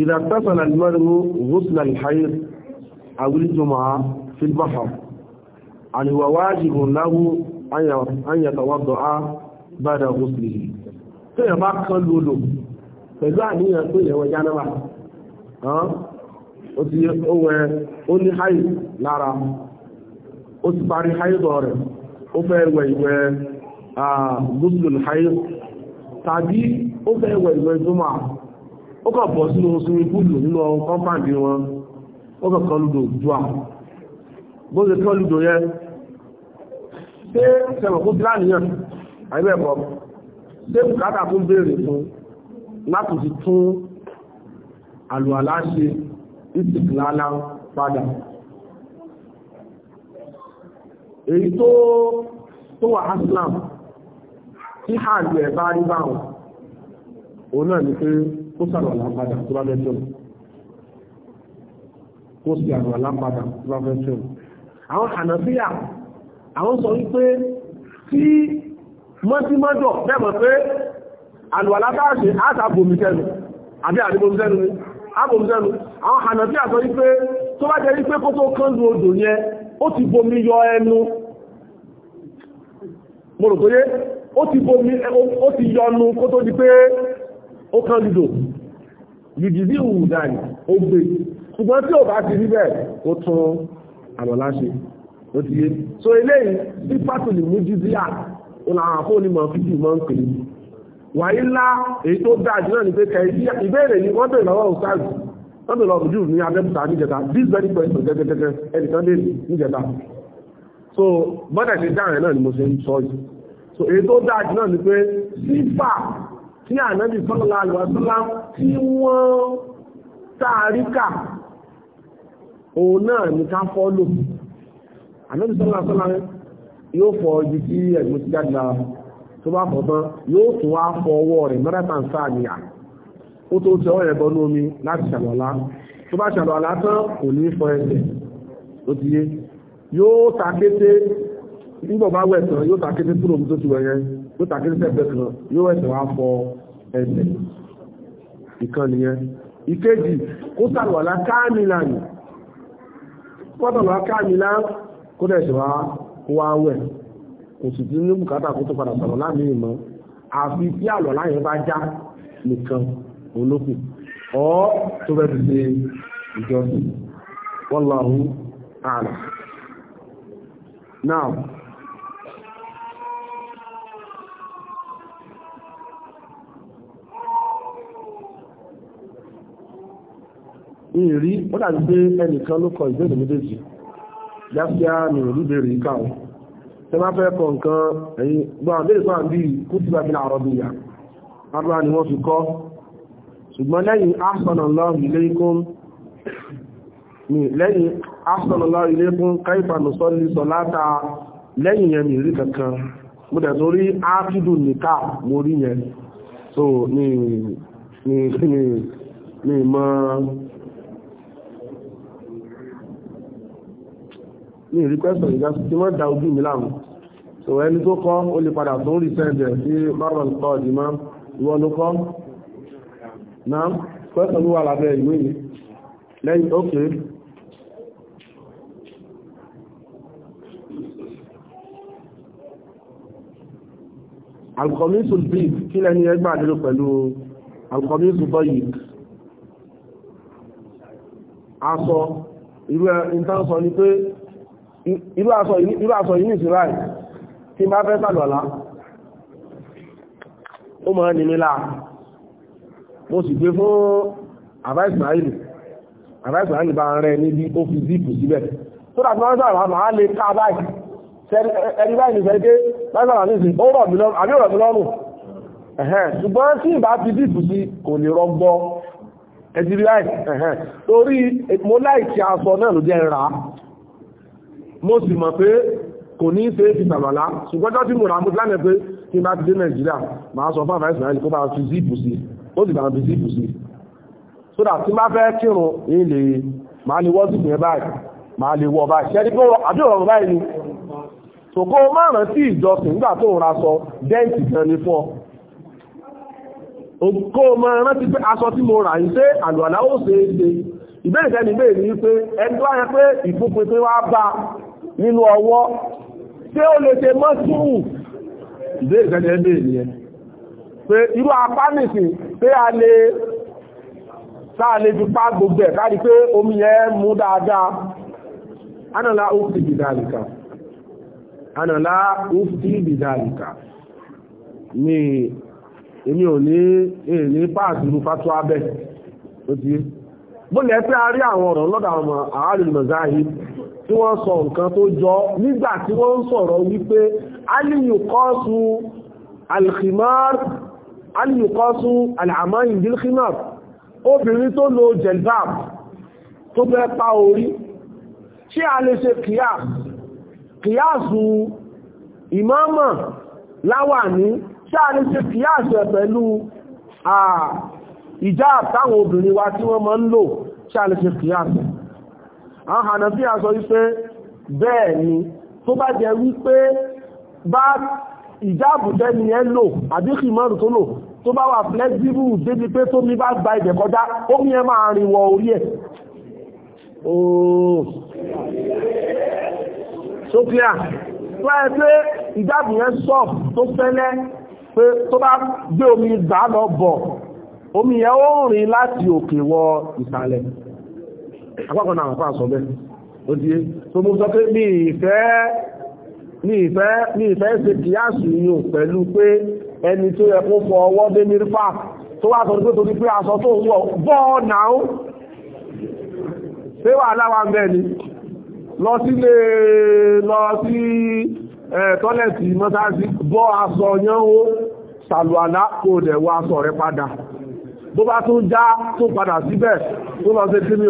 ìdàtàsàn àlùmọ́rìnwó ghusl al-hayr awílìjọmọ̀ fil bahr an huwa wajibun lahu ba'da tó yẹ bá kán lòlò pẹ̀lú àníyàn tó yẹ wọ́n ti tàbí ó fẹ́ wẹ̀ ìwẹ̀ ìjọmọ̀ ó kàn bọ̀ sínú sinmi púlù nínú kọ́mpáàdì wọn ó kàn kan lùdò jù à bó ṣe kán lùdò yẹn ṣé sẹ̀mọ̀ fún tíláàníyàn àìbẹ̀kọ́ ṣé bùkátà tún béèrè fún láti ti tún àlùwàlá ṣe ìsìnkìlálá padà èyí tó wà aslam tí hàn ẹ̀ bá rí báwọn òun náà ni pé kó sàrò àlápadà tó bá fẹ́ sọ̀rọ̀ kó sì àrò àlápadà tó bá fẹ́ sọ̀rọ̀ àwọn ànàfíà àwọn sọ wípé tí mọ́tímọ́dọ̀ bẹ́mọ̀ pé àlùwàlá bá ṣe àtàbòmìtẹ́nu àbí àdìbòmìtẹ́nu ni àbòmìtẹ́nu àwọn ànàfíà sọ wípé tó bá jẹ́ wípé kó tó kánlu odò yẹn ó ti bomi yọ ẹnu mo rò tó yé ó ti bomi ó ti yọnu kó tó di pé ó kán lùdò yìdìdí òwú dání ó gbé ṣùgbọ́n tí ò bá ti rí bẹ́ẹ̀ ó tún àlọ́lá ṣe ó ti yé so eléyìí bí pátùlì mú jíjíyà ó làwọn àfóònìmọ̀ fíjì mọ́ ń pè é wàyí ńlá èyí tó dáa jù náà ni pé kẹ̀yìí ìbéèrè yìí wọ́n bèèrè lọ́wọ́ òṣàlù wọ́n bèèrè ọ̀bùdù ní abẹ́bùtà níjẹta this very question gẹ́gẹ́gẹ́gẹ́ ẹnìkan lè níjẹta so bọ́dẹ̀ ṣe dáhùn náà ni mo ṣe ń sọ so èyí tó dáa jù náà ni pé sífà tí ànábì sọ́lọ́lá àlùwàsọ́lá tí wọ́n tààríkà òun náà ní ká fọ́lò ànábì sọ́lọ́lá sọ́lá yóò fọ ibi tí ẹ̀gbọ́n ti jáde lára tó bá fọ̀ tán yóò tún wá fọ ọwọ́ rẹ̀ mẹ́rẹ́ta ń sáà níyà ó tó tẹ ọ̀rẹ́ bọ́nú omi láti ṣàlọ́lá tó bá ṣàlọ́lá tán kò ní fọ ẹsẹ̀ ó ti yé yóò ta kété nígbà bá wẹ̀ tán yóò ta kété kúrò tó ti wẹ̀ yẹn tó tàkìrìsẹ̀ bẹ́ẹ̀ kan yóò ẹ̀sẹ̀ wá fọ ẹsẹ̀ ìkan nìyẹn ìkejì kó sàlùwàlá káàmìlà nì pọ́tàlùwà káàmìlà kó dẹ̀ṣẹ̀ wá kó wá wẹ̀ kò sì ti ní bùkátà kó tó padà sọ̀rọ̀ láàmì ìmọ̀ àfi tí àlùwàlá yẹn bá já nìkan olókù ọ́ tó bẹ́ẹ̀ ti ṣe ìjọsìn wallahu a'lam now ìrí ó dàbí pé ẹnìkan ló kọ ìbéèrè méjèèjì yáfíà ní olúbèrè ìka o tẹ bá fẹ́ kọ nǹkan ẹ̀yìn gbọ́ àwọn béèrè fún àbí kú ti bàbí àrọ́ bí ìyá lábúrá ni wọ́n fi kọ́ ṣùgbọ́n lẹ́yìn ahsanallahu ilaykum lẹ́yìn ahsanallahu ilaykum kaifa nusalli salata lẹ́yìn yẹn mi rí kankan mo dẹ̀ torí ákídù nìka mo rí yẹn so ni ni ni ni mọ́ ní ìrìkwẹ́sọ̀ ìjọsí tí wọ́n da ojú mi láàmú so ẹni tó kọ́ ó lè padà tó ń rí sẹ́ẹ̀dẹ̀ sí marwan kọ́ ìdìmọ́ ìwọ ló kọ́ náà kwẹ́sọ̀ ló wà lábẹ́ ìwé yìí lẹ́yìn ókè alkọ̀mísù bíi kí lẹ́ni ẹgbà dúró pẹ̀lú alkọ̀mísù bọ́yìí aṣọ irú ẹ̀ ń tán sọ ni pé irú aṣọ yìí nìsí ráì tí bá fẹ́ sàlọ̀lá ó mọ̀ ní nílá mo sì gbé fún àbá ìsìláìlì àbá ìsìláìlì bá rẹ níbi ó fi zíìpù síbẹ̀ tó dà tí wọ́n sàrà máa lè ká báyìí ẹni báyìí ní sẹ́dé lásàrà nísìn ó rọ̀ mí lọ́rùn àbí ó rọ̀ mí lọ́rùn ẹ̀hẹ́n ṣùgbọ́n tí ìbá ti zíìpù sí kò lè rọgbọ ẹ̀jìrí láì ẹ̀hẹ́n torí mo láì ti aṣọ náà ló jẹ́ ra mo sì mọ̀ pé kò ní ṣe é ti sàlọ́lá ṣùgbọ́jọ́ tí mo rà mo lánàá pé kí n bá ti dé nàìjíríà màá sọ fáfà ìsìnláìlì kó bá fi zíìpù sí ó sì bá fi zíìpù sí so that tí n bá fẹ́ kírun yìí lè máa lè wọ́ zíìpù yẹn báyìí máa lè wọ báyìí ṣẹ́ni pé àbí ọ̀rọ̀ báyìí ni tòkó márùn sí ìjọsìn nígbà tó ń raṣọ dẹ́ǹtì kan ní fọ́ òkó márùn rántí pé aṣọ tí mo rà yìí ṣé àlùwàlá ó ṣe é ṣe ìbéèrè tẹ́ni béèrè ní pé ẹni tó wáyé pé ìfúnpin pé wá bá nínú ọwọ́ tí ó lè ṣe mọ́ súnwù ìbéèrè tẹ́ni ẹ́ béèrè yẹn pé irú apá nìsì pé a lè sáà lè fi pa gbogbo ẹ̀ káàdì pé omi yẹn mú dáadáa anàlá òfin ìdálìkà anàlá òfin ìdálìkà ni èmi ò ní èèní páàsì rúfátó abẹ́ ó ti yé bólẹ̀ pé a rí àwọn ọ̀rọ̀ lọ́dà ọmọ àárín mọ̀záhì tí wọ́n sọ nǹkan tó jọ nígbà tí wọ́n ń sọ̀rọ̀ wípé alìyùkọ́sù alìkìmọ́r alìyùkọ́sù alàmáyìn bílkìmọ́r obìnrin tó lo jelbab tó fẹ́ pa orí ṣé a lè ṣe a lè ṣe kìyàsù pẹ̀lú ìjà àtàwọn obìnrin wa tí wọ́n máa ń lò ṣàlẹ̀ṣe kìíyàsì àwọn Hànàfíà sọ wípé bẹ́ẹ̀ ni tó bá jẹ wípé bá ìjáàbùtẹ́ ni ẹ lò àbí kìmọ́rù tó lò tó bá wà flexible débi pé tómi bá gba ibẹ̀ kọjá omi ẹ máa rìn wọ orí ẹ̀ ooo so clear tó pé tó bá gbé omi gbà lọ bọ̀ omi yẹ ó rìn láti òkè wọ ìsàlẹ̀ apákan náà àpá sọ bẹ́ ó di tó mú sọ pé ní ìfẹ́ ní ìfẹ́ ní ìfẹ́ ṣe kìyàsù yìí pẹ̀lú pé ẹni tó yẹ kó fọ ọwọ́ dé mírfà tó wá sọ pé tó ní pé aṣọ tó wọ bọ́ọ̀ náà ṣé wà láwa ń bẹ́ẹ̀ ni lọ sílé kò dẹ̀ aṣọ rẹ padà bó bá tún já tó padà síbẹ̀ tó lọ sí kíní o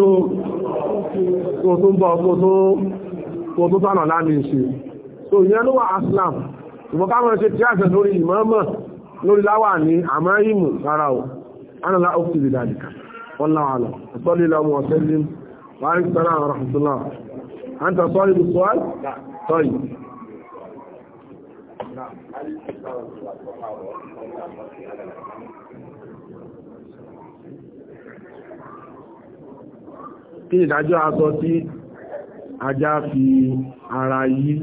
kò tó ń bọ̀ kò tó tọ́nà láàmì ìṣe so ìyẹn ló wà aslam ìwọ̀n káwọn ṣe tí àṣẹ lórí ìmọ̀ọ́mọ̀ lórí láwà ní àmọ́ ìmù rárá o ánàlá ó fi ìdàdìkà wọ́n láwà lọ ọ̀sọ́lé lọ́mọ ọ̀sẹ́lé Thank you. kí ìdájọ́ aṣọ tí ajá fi ara yí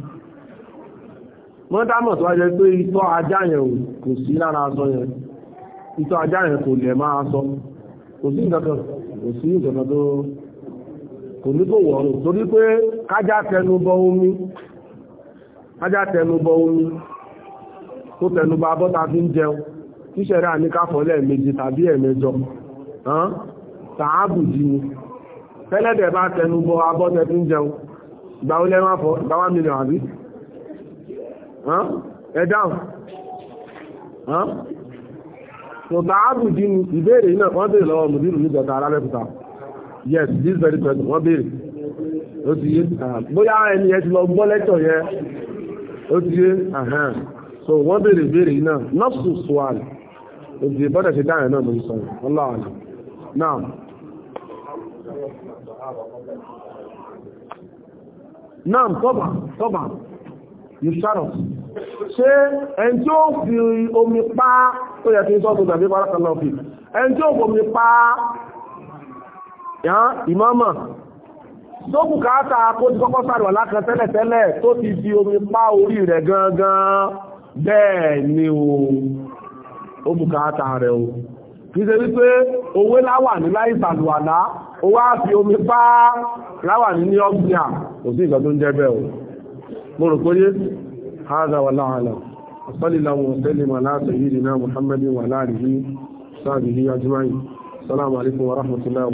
wọ́n dámọ̀ tó wájẹ́ pé itọ́ ajá yẹn kò sí lára sọ yẹn itọ́ ajá yẹn kò lẹ̀ máa sọ kò sí ìdọ̀kan kò sí kò ní kò wọ̀rùn torí pé kájá tẹnubọ omi kájá tẹnubọ omi tó tẹnubọ abọ́ta fi ń jẹun tíṣẹ̀rẹ́ tẹ́lẹ̀dẹ̀ bá tẹnu bọ abọ́tẹ̀ tí ń jẹun gbà ó lẹ́wọ́n fọ́ gbà wá mílíọ̀n àbí ẹ dáhùn so báàbù jí ni ìbéèrè iná wọ́n béèrè lọ́wọ́ mùdírù ní ìjọta alábẹ́kúta yes this very person wọ́n béèrè ó ti yé bóyá ẹni ẹ ti lọ gbọ́ lẹ́tọ̀ yẹ ó ti yé so wọ́n béèrè ìbéèrè iná nọ́ọ̀sù suwal òdì bọ́dẹ̀ ṣe dáhùn náà mo sọ ọlọ́run náà náà tọ́bà tọ́bà ìṣàrọ̀ ṣe ẹn tí ó fi omi pa ó yẹ kí n sọ́tún tàbí pàrákàlá ọ̀fì ẹn tí ó fi omi pa yán ìmọ́mà tó kù káàkà kó ti kọ́kọ́ sàrọ̀ lákan tẹ́lẹ̀tẹ́lẹ̀ tó ti fi omi pa orí rẹ̀ gangan bẹ́ẹ̀ ni o ó bùkátà rẹ̀ o kìí ṣe wípé owó láwà ní láìsàlùwàlá ó wá fi omi pa láwà ní ní ọ́gbìn à kò sí ìgbà tó ń jẹ́ bẹ́ẹ̀ o mo rò péye hádà wà láàlà asálìláwò sẹ́lẹ̀ mà láti yìí dì náà muhammadin wà láàrin yìí sáàbì yìí alaikum wa rahmatullahi